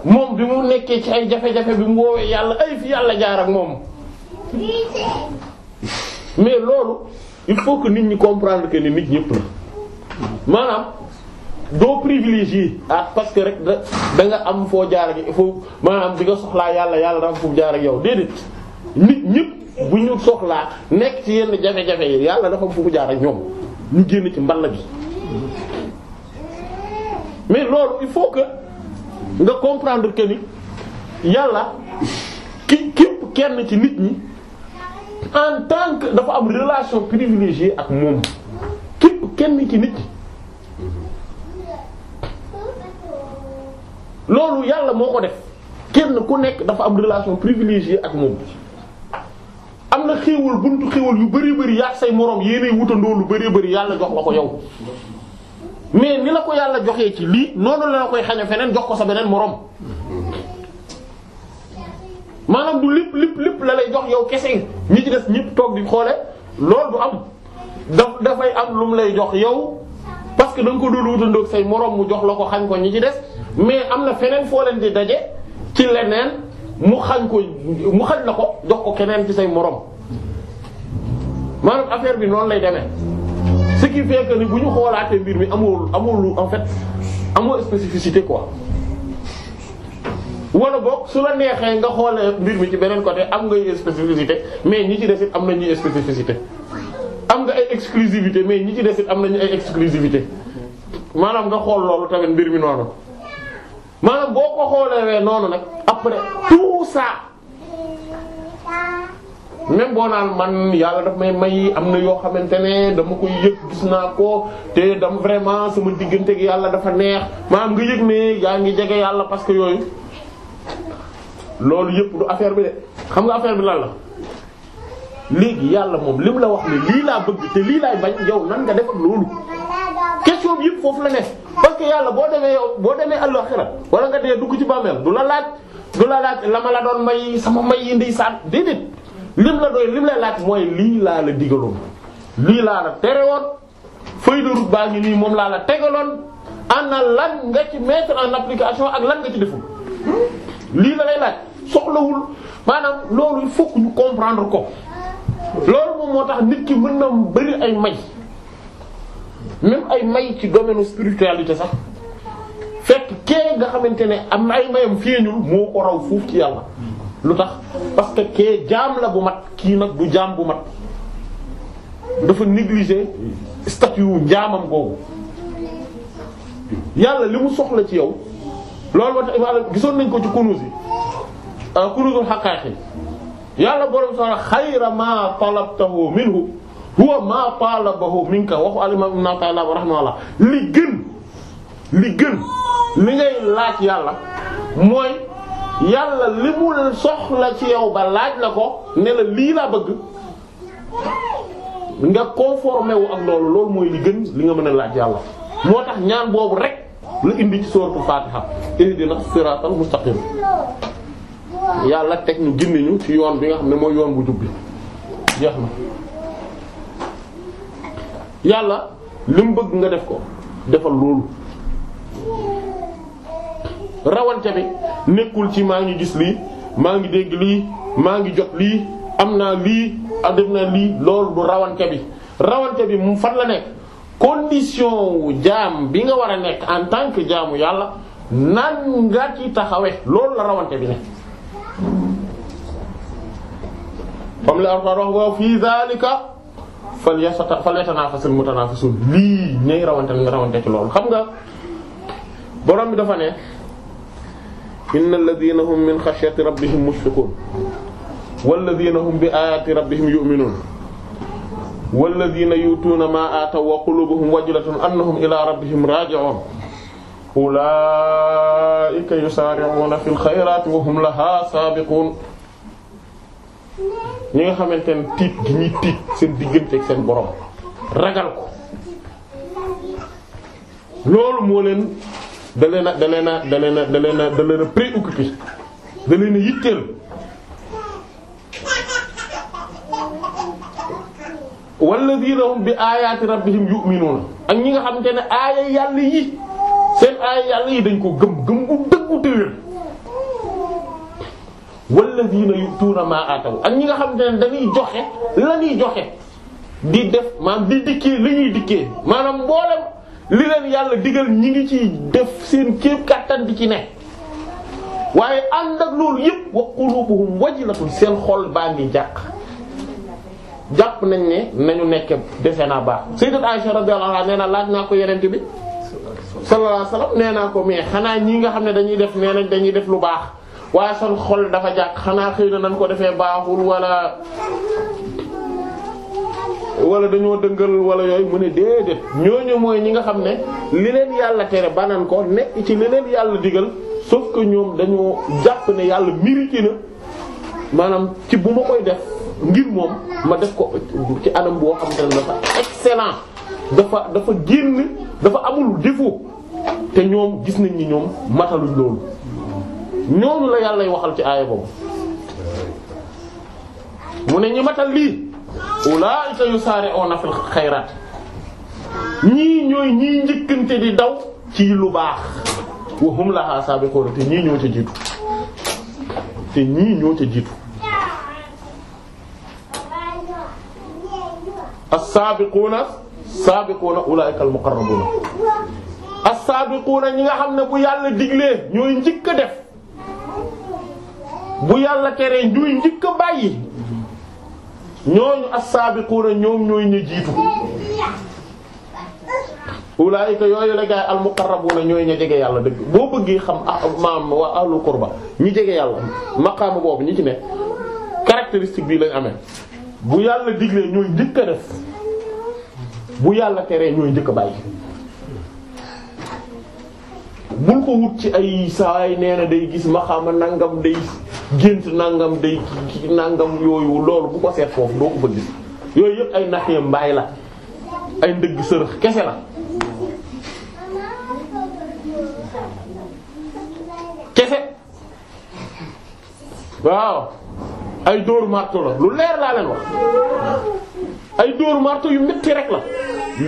A: moom bi mu nekkee ci ay jafe-jafe bi mu woowee yàlla ay fi yàlla jaar ak moom mais loolu il faut que nit ñi comprendre que ni nit ñépp la maanaam doo privilégié ah parce que rek da danga nga am foo jaar ak foofu maanaam bi nga soxlaa yàlla yàlla da am jaar ak yow déedéet. nit ñëpp bu ñu soxlaa nekk ci yenn jafe-jafe yi yàlla dafa bëgg jaar ak ñoom ñu génn ci mballa gi mais loolu il faut que nga comprendre que ni yàlla ki képp kenn ci nit ñi en tant que dafa am relation privilégiée ak moom képp kenn ci nit ñi loolu yàlla moo ko def kenn ku nekk dafa am relation privilégiée ak moom la xéewal buntu xéewal yu bari bari yaa say moroom yéenay wutandoo lu bari bari yàlla jox la ko yow mais ni la ko yàlla joxee ci lii noonu la la koy xañe feneen jox ko sa beneen moroom maanaam lépp lépp lépp la lay jox yow kese ñi ci des ñépp toog di xoole loolu du am daf dafay am lu lay jox yow parce que da ko doon wutandoo say moroom mu jox la ko xañ ko ñi ci des mais am na feneen foo leen di daje ci leneen mu xañ ko mu xañ la ko jox ko keneen ci say moroom maanaam affaire bi noonu lay demee ce qui fait ni bu ñu xoolaatee mbir mi amul amul en fait amul spécificité ko wala boo su la neexee nga xoolee mbir mi ci beneen côté am ngay spécificité mais ñi ci des it am nañu spécificité am nga ay exclusivité mais ñi ci des it am nañu ay exclusivité maanaam nga xool loolu tamit mbir mi noonu maanaam boo ko xoolee noonu nag après tout ça. même boo naan man yàlla dafa may may am na yoo xamante ne dama koy yëg gis naa ko te dama vraiment sama diggante gi yàlla dafa neex maanaam nga yëg ne yaa ngi jege yàlla parce que yooyu loolu yëpp du affaire bi de xam nga affaire bi lan la léegi yàlla moom lim la wax ne lii laa bëgg te lii laay bañ yow nan nga def loolu question bi yëpp foofu la nekk parce que yàlla boo demee yow boo demee àllaxira wala nga dee dugg ci bàmmeel du la laaj du la laaj la ma la doon may sama may yi ndey saat lim la doy lim lay laaj mooy lii laa la digaloon lii laa la terewoon feuille de route baa ngi nii moom laa la tegaloon ana lan nga ci mettre en application ak lan nga ci deful lii la lay laaj soxlawul maanaam loolu il faut ñu comprendre ko loolu moom moo tax nit ki mën na mu bari ay may même ay may ci domaine spiritualité sax fekk kee nga xamante ne am na ay mayam feeñul moo ko raw fuuf ci yàlla lu tax parce que kee jaam la bu mat kii nag du jaam bu mat dafa négliger statut wu njaamam googu yàlla li mu soxla ci yow loolu moo tax imaam gisoon nañ ko ci kunuus yi ah, kunuusul xaqaax yàlla borom soxla xayra ma talabtahu minhu huwa ma talabahu minka waxu alimam ibn Taala rahimahullah li gën li gën li ngay laaj yàlla mooy yàlla li mu soxla ci yow ba laaj la ko ne la lii laa bëgg nga conformé wu ak loolu loolu mooy li gën li nga mën a laaj yàlla moo tax ñaan boobu rek la indi ci sooratu Fatiha ihdina siratal mustaqim yàlla teg ñu gindi ñu ci yoon bi nga xam ne mooy yoon bu jub bi jeex na yàlla li bëgg nga def ko defal loolu rawante bi nekkul ci maa ngi gis lii maa ngi dégg lii maa ngi jot lii am naa lii ah, def naa lii loolu du rawante bi rawante bi mu fan la nekk condition wu jaam bi nga war a nekk en tant que jaamu yàlla nan nga ci taxawe loolu la rawante bi nekk comme la Alxuraan wax wa fii zaalika falyatanaafasil mutanaafisun lii ñay rawante rawante ci loolu xam nga borom bi dafa ne innal ladina hum min xashyati rabbihim mushfiqun walladina hum bi ayati rabbihim yu'minun walladina yu'tuuna ma aataw wa qulubuhum wajilatun annahum ila rabbihim raji'un ulaa'ika yusaari'uuna fil xayraati wa hum lahaa saabiquun ñi nga xamante ne tiit gi ñuy tiit seen diggante ak seen borom ragal ko loolu moo leen da leen a da leen a da leen a da leen a da leen bi ayati rabbihim yu'minuna ak ñi nga xam xamante ne aaya yàlla yi seen aaya yàlla yi dañ ko gëm gëm gu dëggu téwér walladina yu'tuna ma ataw ak ñi nga xamante ne dañuy joxe la joxe di def maanaam di dikkee li ñuy dikkee maanaam mboolem li leen yàlla digal ñi ngi ci def seen kéem kàttan di ci ne waaye ànd ak loolu yëpp wa qulubuhum wajilatun seen xol baa ngi jàq jàpp nañ ne nañu nekk defe naa baax sayyidat Aisha radiyallahu anha nee na laaj naa ko yeneen bi sallallahu alayhi wasallam nee naa ko mais xanaa ñi nga xam ne dañuy def nee nañ dañuy def lu baax waaye seen xol dafa jàq xanaa xëy na nañ ko defee baaxul wala wala dañoo dëngal wala yooyu mu ne déedéet ñooñu mooy ñi nga xam ne li leen yàlla tere banan ko nekk ci li leen yàlla digal sauf ko ñoom dañoo jàpp ne yàlla mérite na maanaam ci bu ma koy def ngir moom ma def ko ci anam boo xam ne dafa excellent dafa dafa génn dafa amul défaut te ñoom gis nañ ni ñoom mataluñ loolu ñoom la yàllay waxal ci aaya boobu mu ne ñi matal lii ulaa'ika yusaari'uuna fil xayraat ñii ñooy ñii njëkkante di daw ci lu baax wa hum lahaa saabiquuna te ñii ñoo ca jiitu te ñii ñoo ca jiitu as-saabiquuna saabiquuna ulaa'ika al-muqarrabuuna as-saabiquuna ñi nga xam ne bu yàlla diglee ñooy njëkk a def bu yàlla tere ñooy njëkk bàyyi ñooñu as-saabiquuna ñoom ñooy ñu jiitu ulaayika yooyu la gaay al-muqarrabuuna ñooy ña jege yàlla dëgg boo bëggee xam maam waa ahlul qurba ñi jege yàlla maqaama boobu ñi ci ne caractéristique bii lañ amee bu yàlla diglee ñooy njëkk def bu yàlla teree ñooy njëkk a bàyyi bul ko wut ci ay saay nee na day gis maqaama nangam day gént nangam day nangam yooyu loolu bu ko seet foofu doo ko fa yooyu yëpp ay naxee mbaay la ay ndëgg sërëx kese la kese waaw ay dóor marto la lu leer laa leen wax ay dóor marto yu metti rek la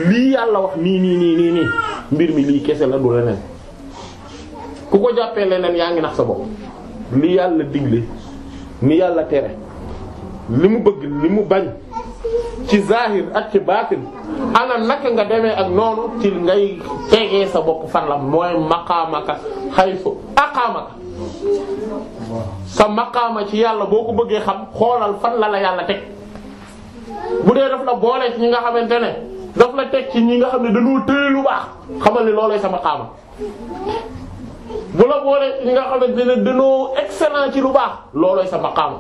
A: lii yàlla wax nii nii nii mbir mi lii kese la du leneen ku ko jàppee leneen yaa ngi nax sa bopp li yàlla digle ni yàlla tere li mu bëgg li mu bañ ci zahir ak ci baatin ana naka nga demee ak noonu ci ngay tegee sa bopp fan la mooy maqaamaka xaysu aqaamaka sa makaama ci yàlla boo ko bëggee xam xoolal fan la la yàlla teg bu dee daf la boole ñi nga xamante ne daf la teg ci ñi nga xam ne dañoo tëye lu baax xamal ni loolooy sa maqaama bu la boolee ñi nga xamante ne dañoo excellent ci lu baax loolooy sama maqaam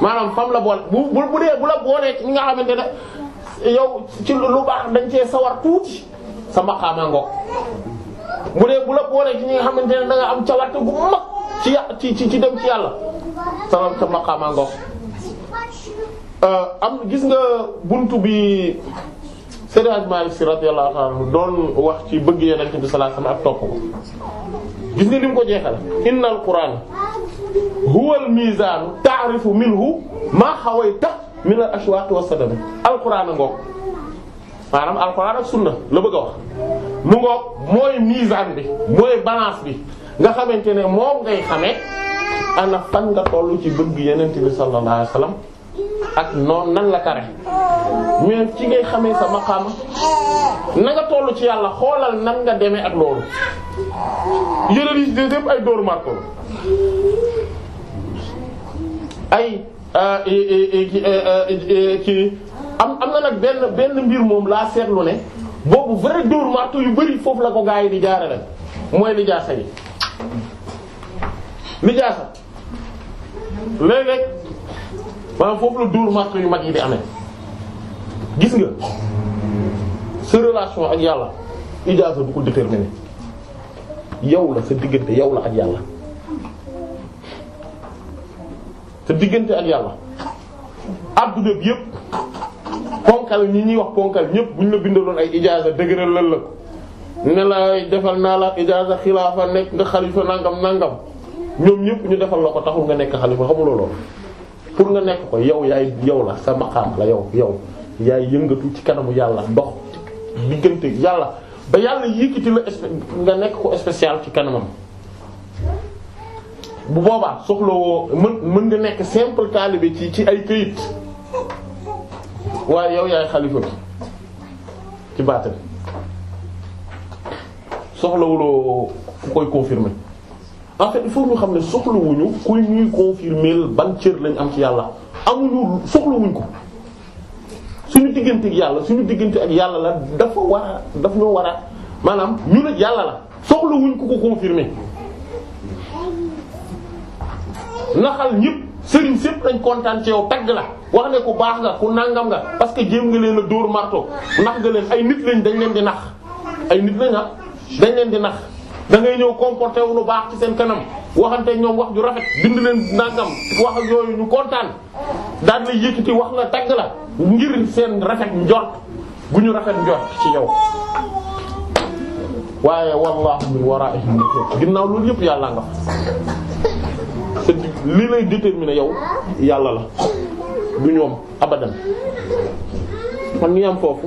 A: maanaam fam la boole bu bu dee bu la boolee ñi nga xamante ne yow ci lu baax dañ cee sawar tuuti sa maqaama bu dee bu la boolee ci ñi nga xamante ne da nga am cawarte gu mag ci ci ci ci dem ci yàlla sa sa euh, am gis nga buntu bi. Seydi Hadji Malick Sy radiyallahu anhu doon wax ci bëgg Yonent bi sallallahu alayhi wasallam ak topp ko gis nga ni mu ko jeexal innal qur'ana huwa al mizan ta'rifu minhu ma hawayta min al ashwaq wa sadam al qur'ana ngoog maanaam al qur'an ak sunna la bëgg a wax mu ngoog mooy mizan bi mooy balance bi nga xamante ne moom ngay xamee a fan nga tollu ci bëgg Yonent bi sallallahu alayhi ak noon nan la tare mais ci ngay xamee sama xam na nga toll ci yàlla xoolal nan nga demee ak loolu yëlal yi deuxième ay dóoru marto ay ci euh, euh, euh, am am na nag benn benn mbir moom laa seetlu ne boobu vrai dóoru marto yu bari foofu la ko gaa yi di jaarale mooy lijaasa yi lijaasa léeg maanaam foofu la dóor marque yu mag yi di amee gis nga sa relation ak yàlla ijaasa bu ko déterminer yow la sa diggante yow la ak yàlla sa diggante ak yàlla adduna bi yëpp ponkal ñi ñuy wax ponkal ñëpp bu ñu la bindaloon ay ijaasa dëgëral lan la ne la defal naa la ijaasa xilaafa nekk nga xalifa nangam nangam ñoom ñëpp ñu defal la ko taxul nga nekk xalifa xamuloo loolu pour nga nekk ko yow yaay yow la sa maqaam la yow yow yaay yëngatu ci kanamu yàlla dox ci diggante yàlla ba yàlla yëkkati la nga nekk ko spécial ci kanamam bu boobaa soxlawoo mën mën nga nekk simple taalibe ci ay këyit waaye yow yaay xalifa bi ci baatam soxlawuloo ku koy confirmer en fait il faut ñu xam ne soxlawuñu kuy ñuy confirmer ban cër lañ am ci yàlla amuñu soxlawuñ ko suñu diggante ak yàlla suñu diggante ak yàlla la dafa war a daf ñoo war a maanaam ñu nag yàlla la soxlawuñ ko ko confirmer naxal ñëpp sëriñ sëpp dañ kontaan ci yow tagg la wax ne ku baax nga ku nangam nga parce que jéem nga leen a dóor marto nax nga leen ay nit lañ dañ leen di nax ay nit lañ ah dañ leen di nax dangay ñëw comporté wu lu baax ci seen kanam waxante ñoom wax ju rafet bind leen nangam wax ak yooyu ñu kontaan daal lay yëkkati wax la tagg la ngir seen rafet njort gu ñu rafet njort ci yow. waaye wallahu min wara'ihim muhit ginnaaw loolu yëpp yàlla nga fa li lay déterminer yow yàlla la du ñoom abadan man ñu am foofu.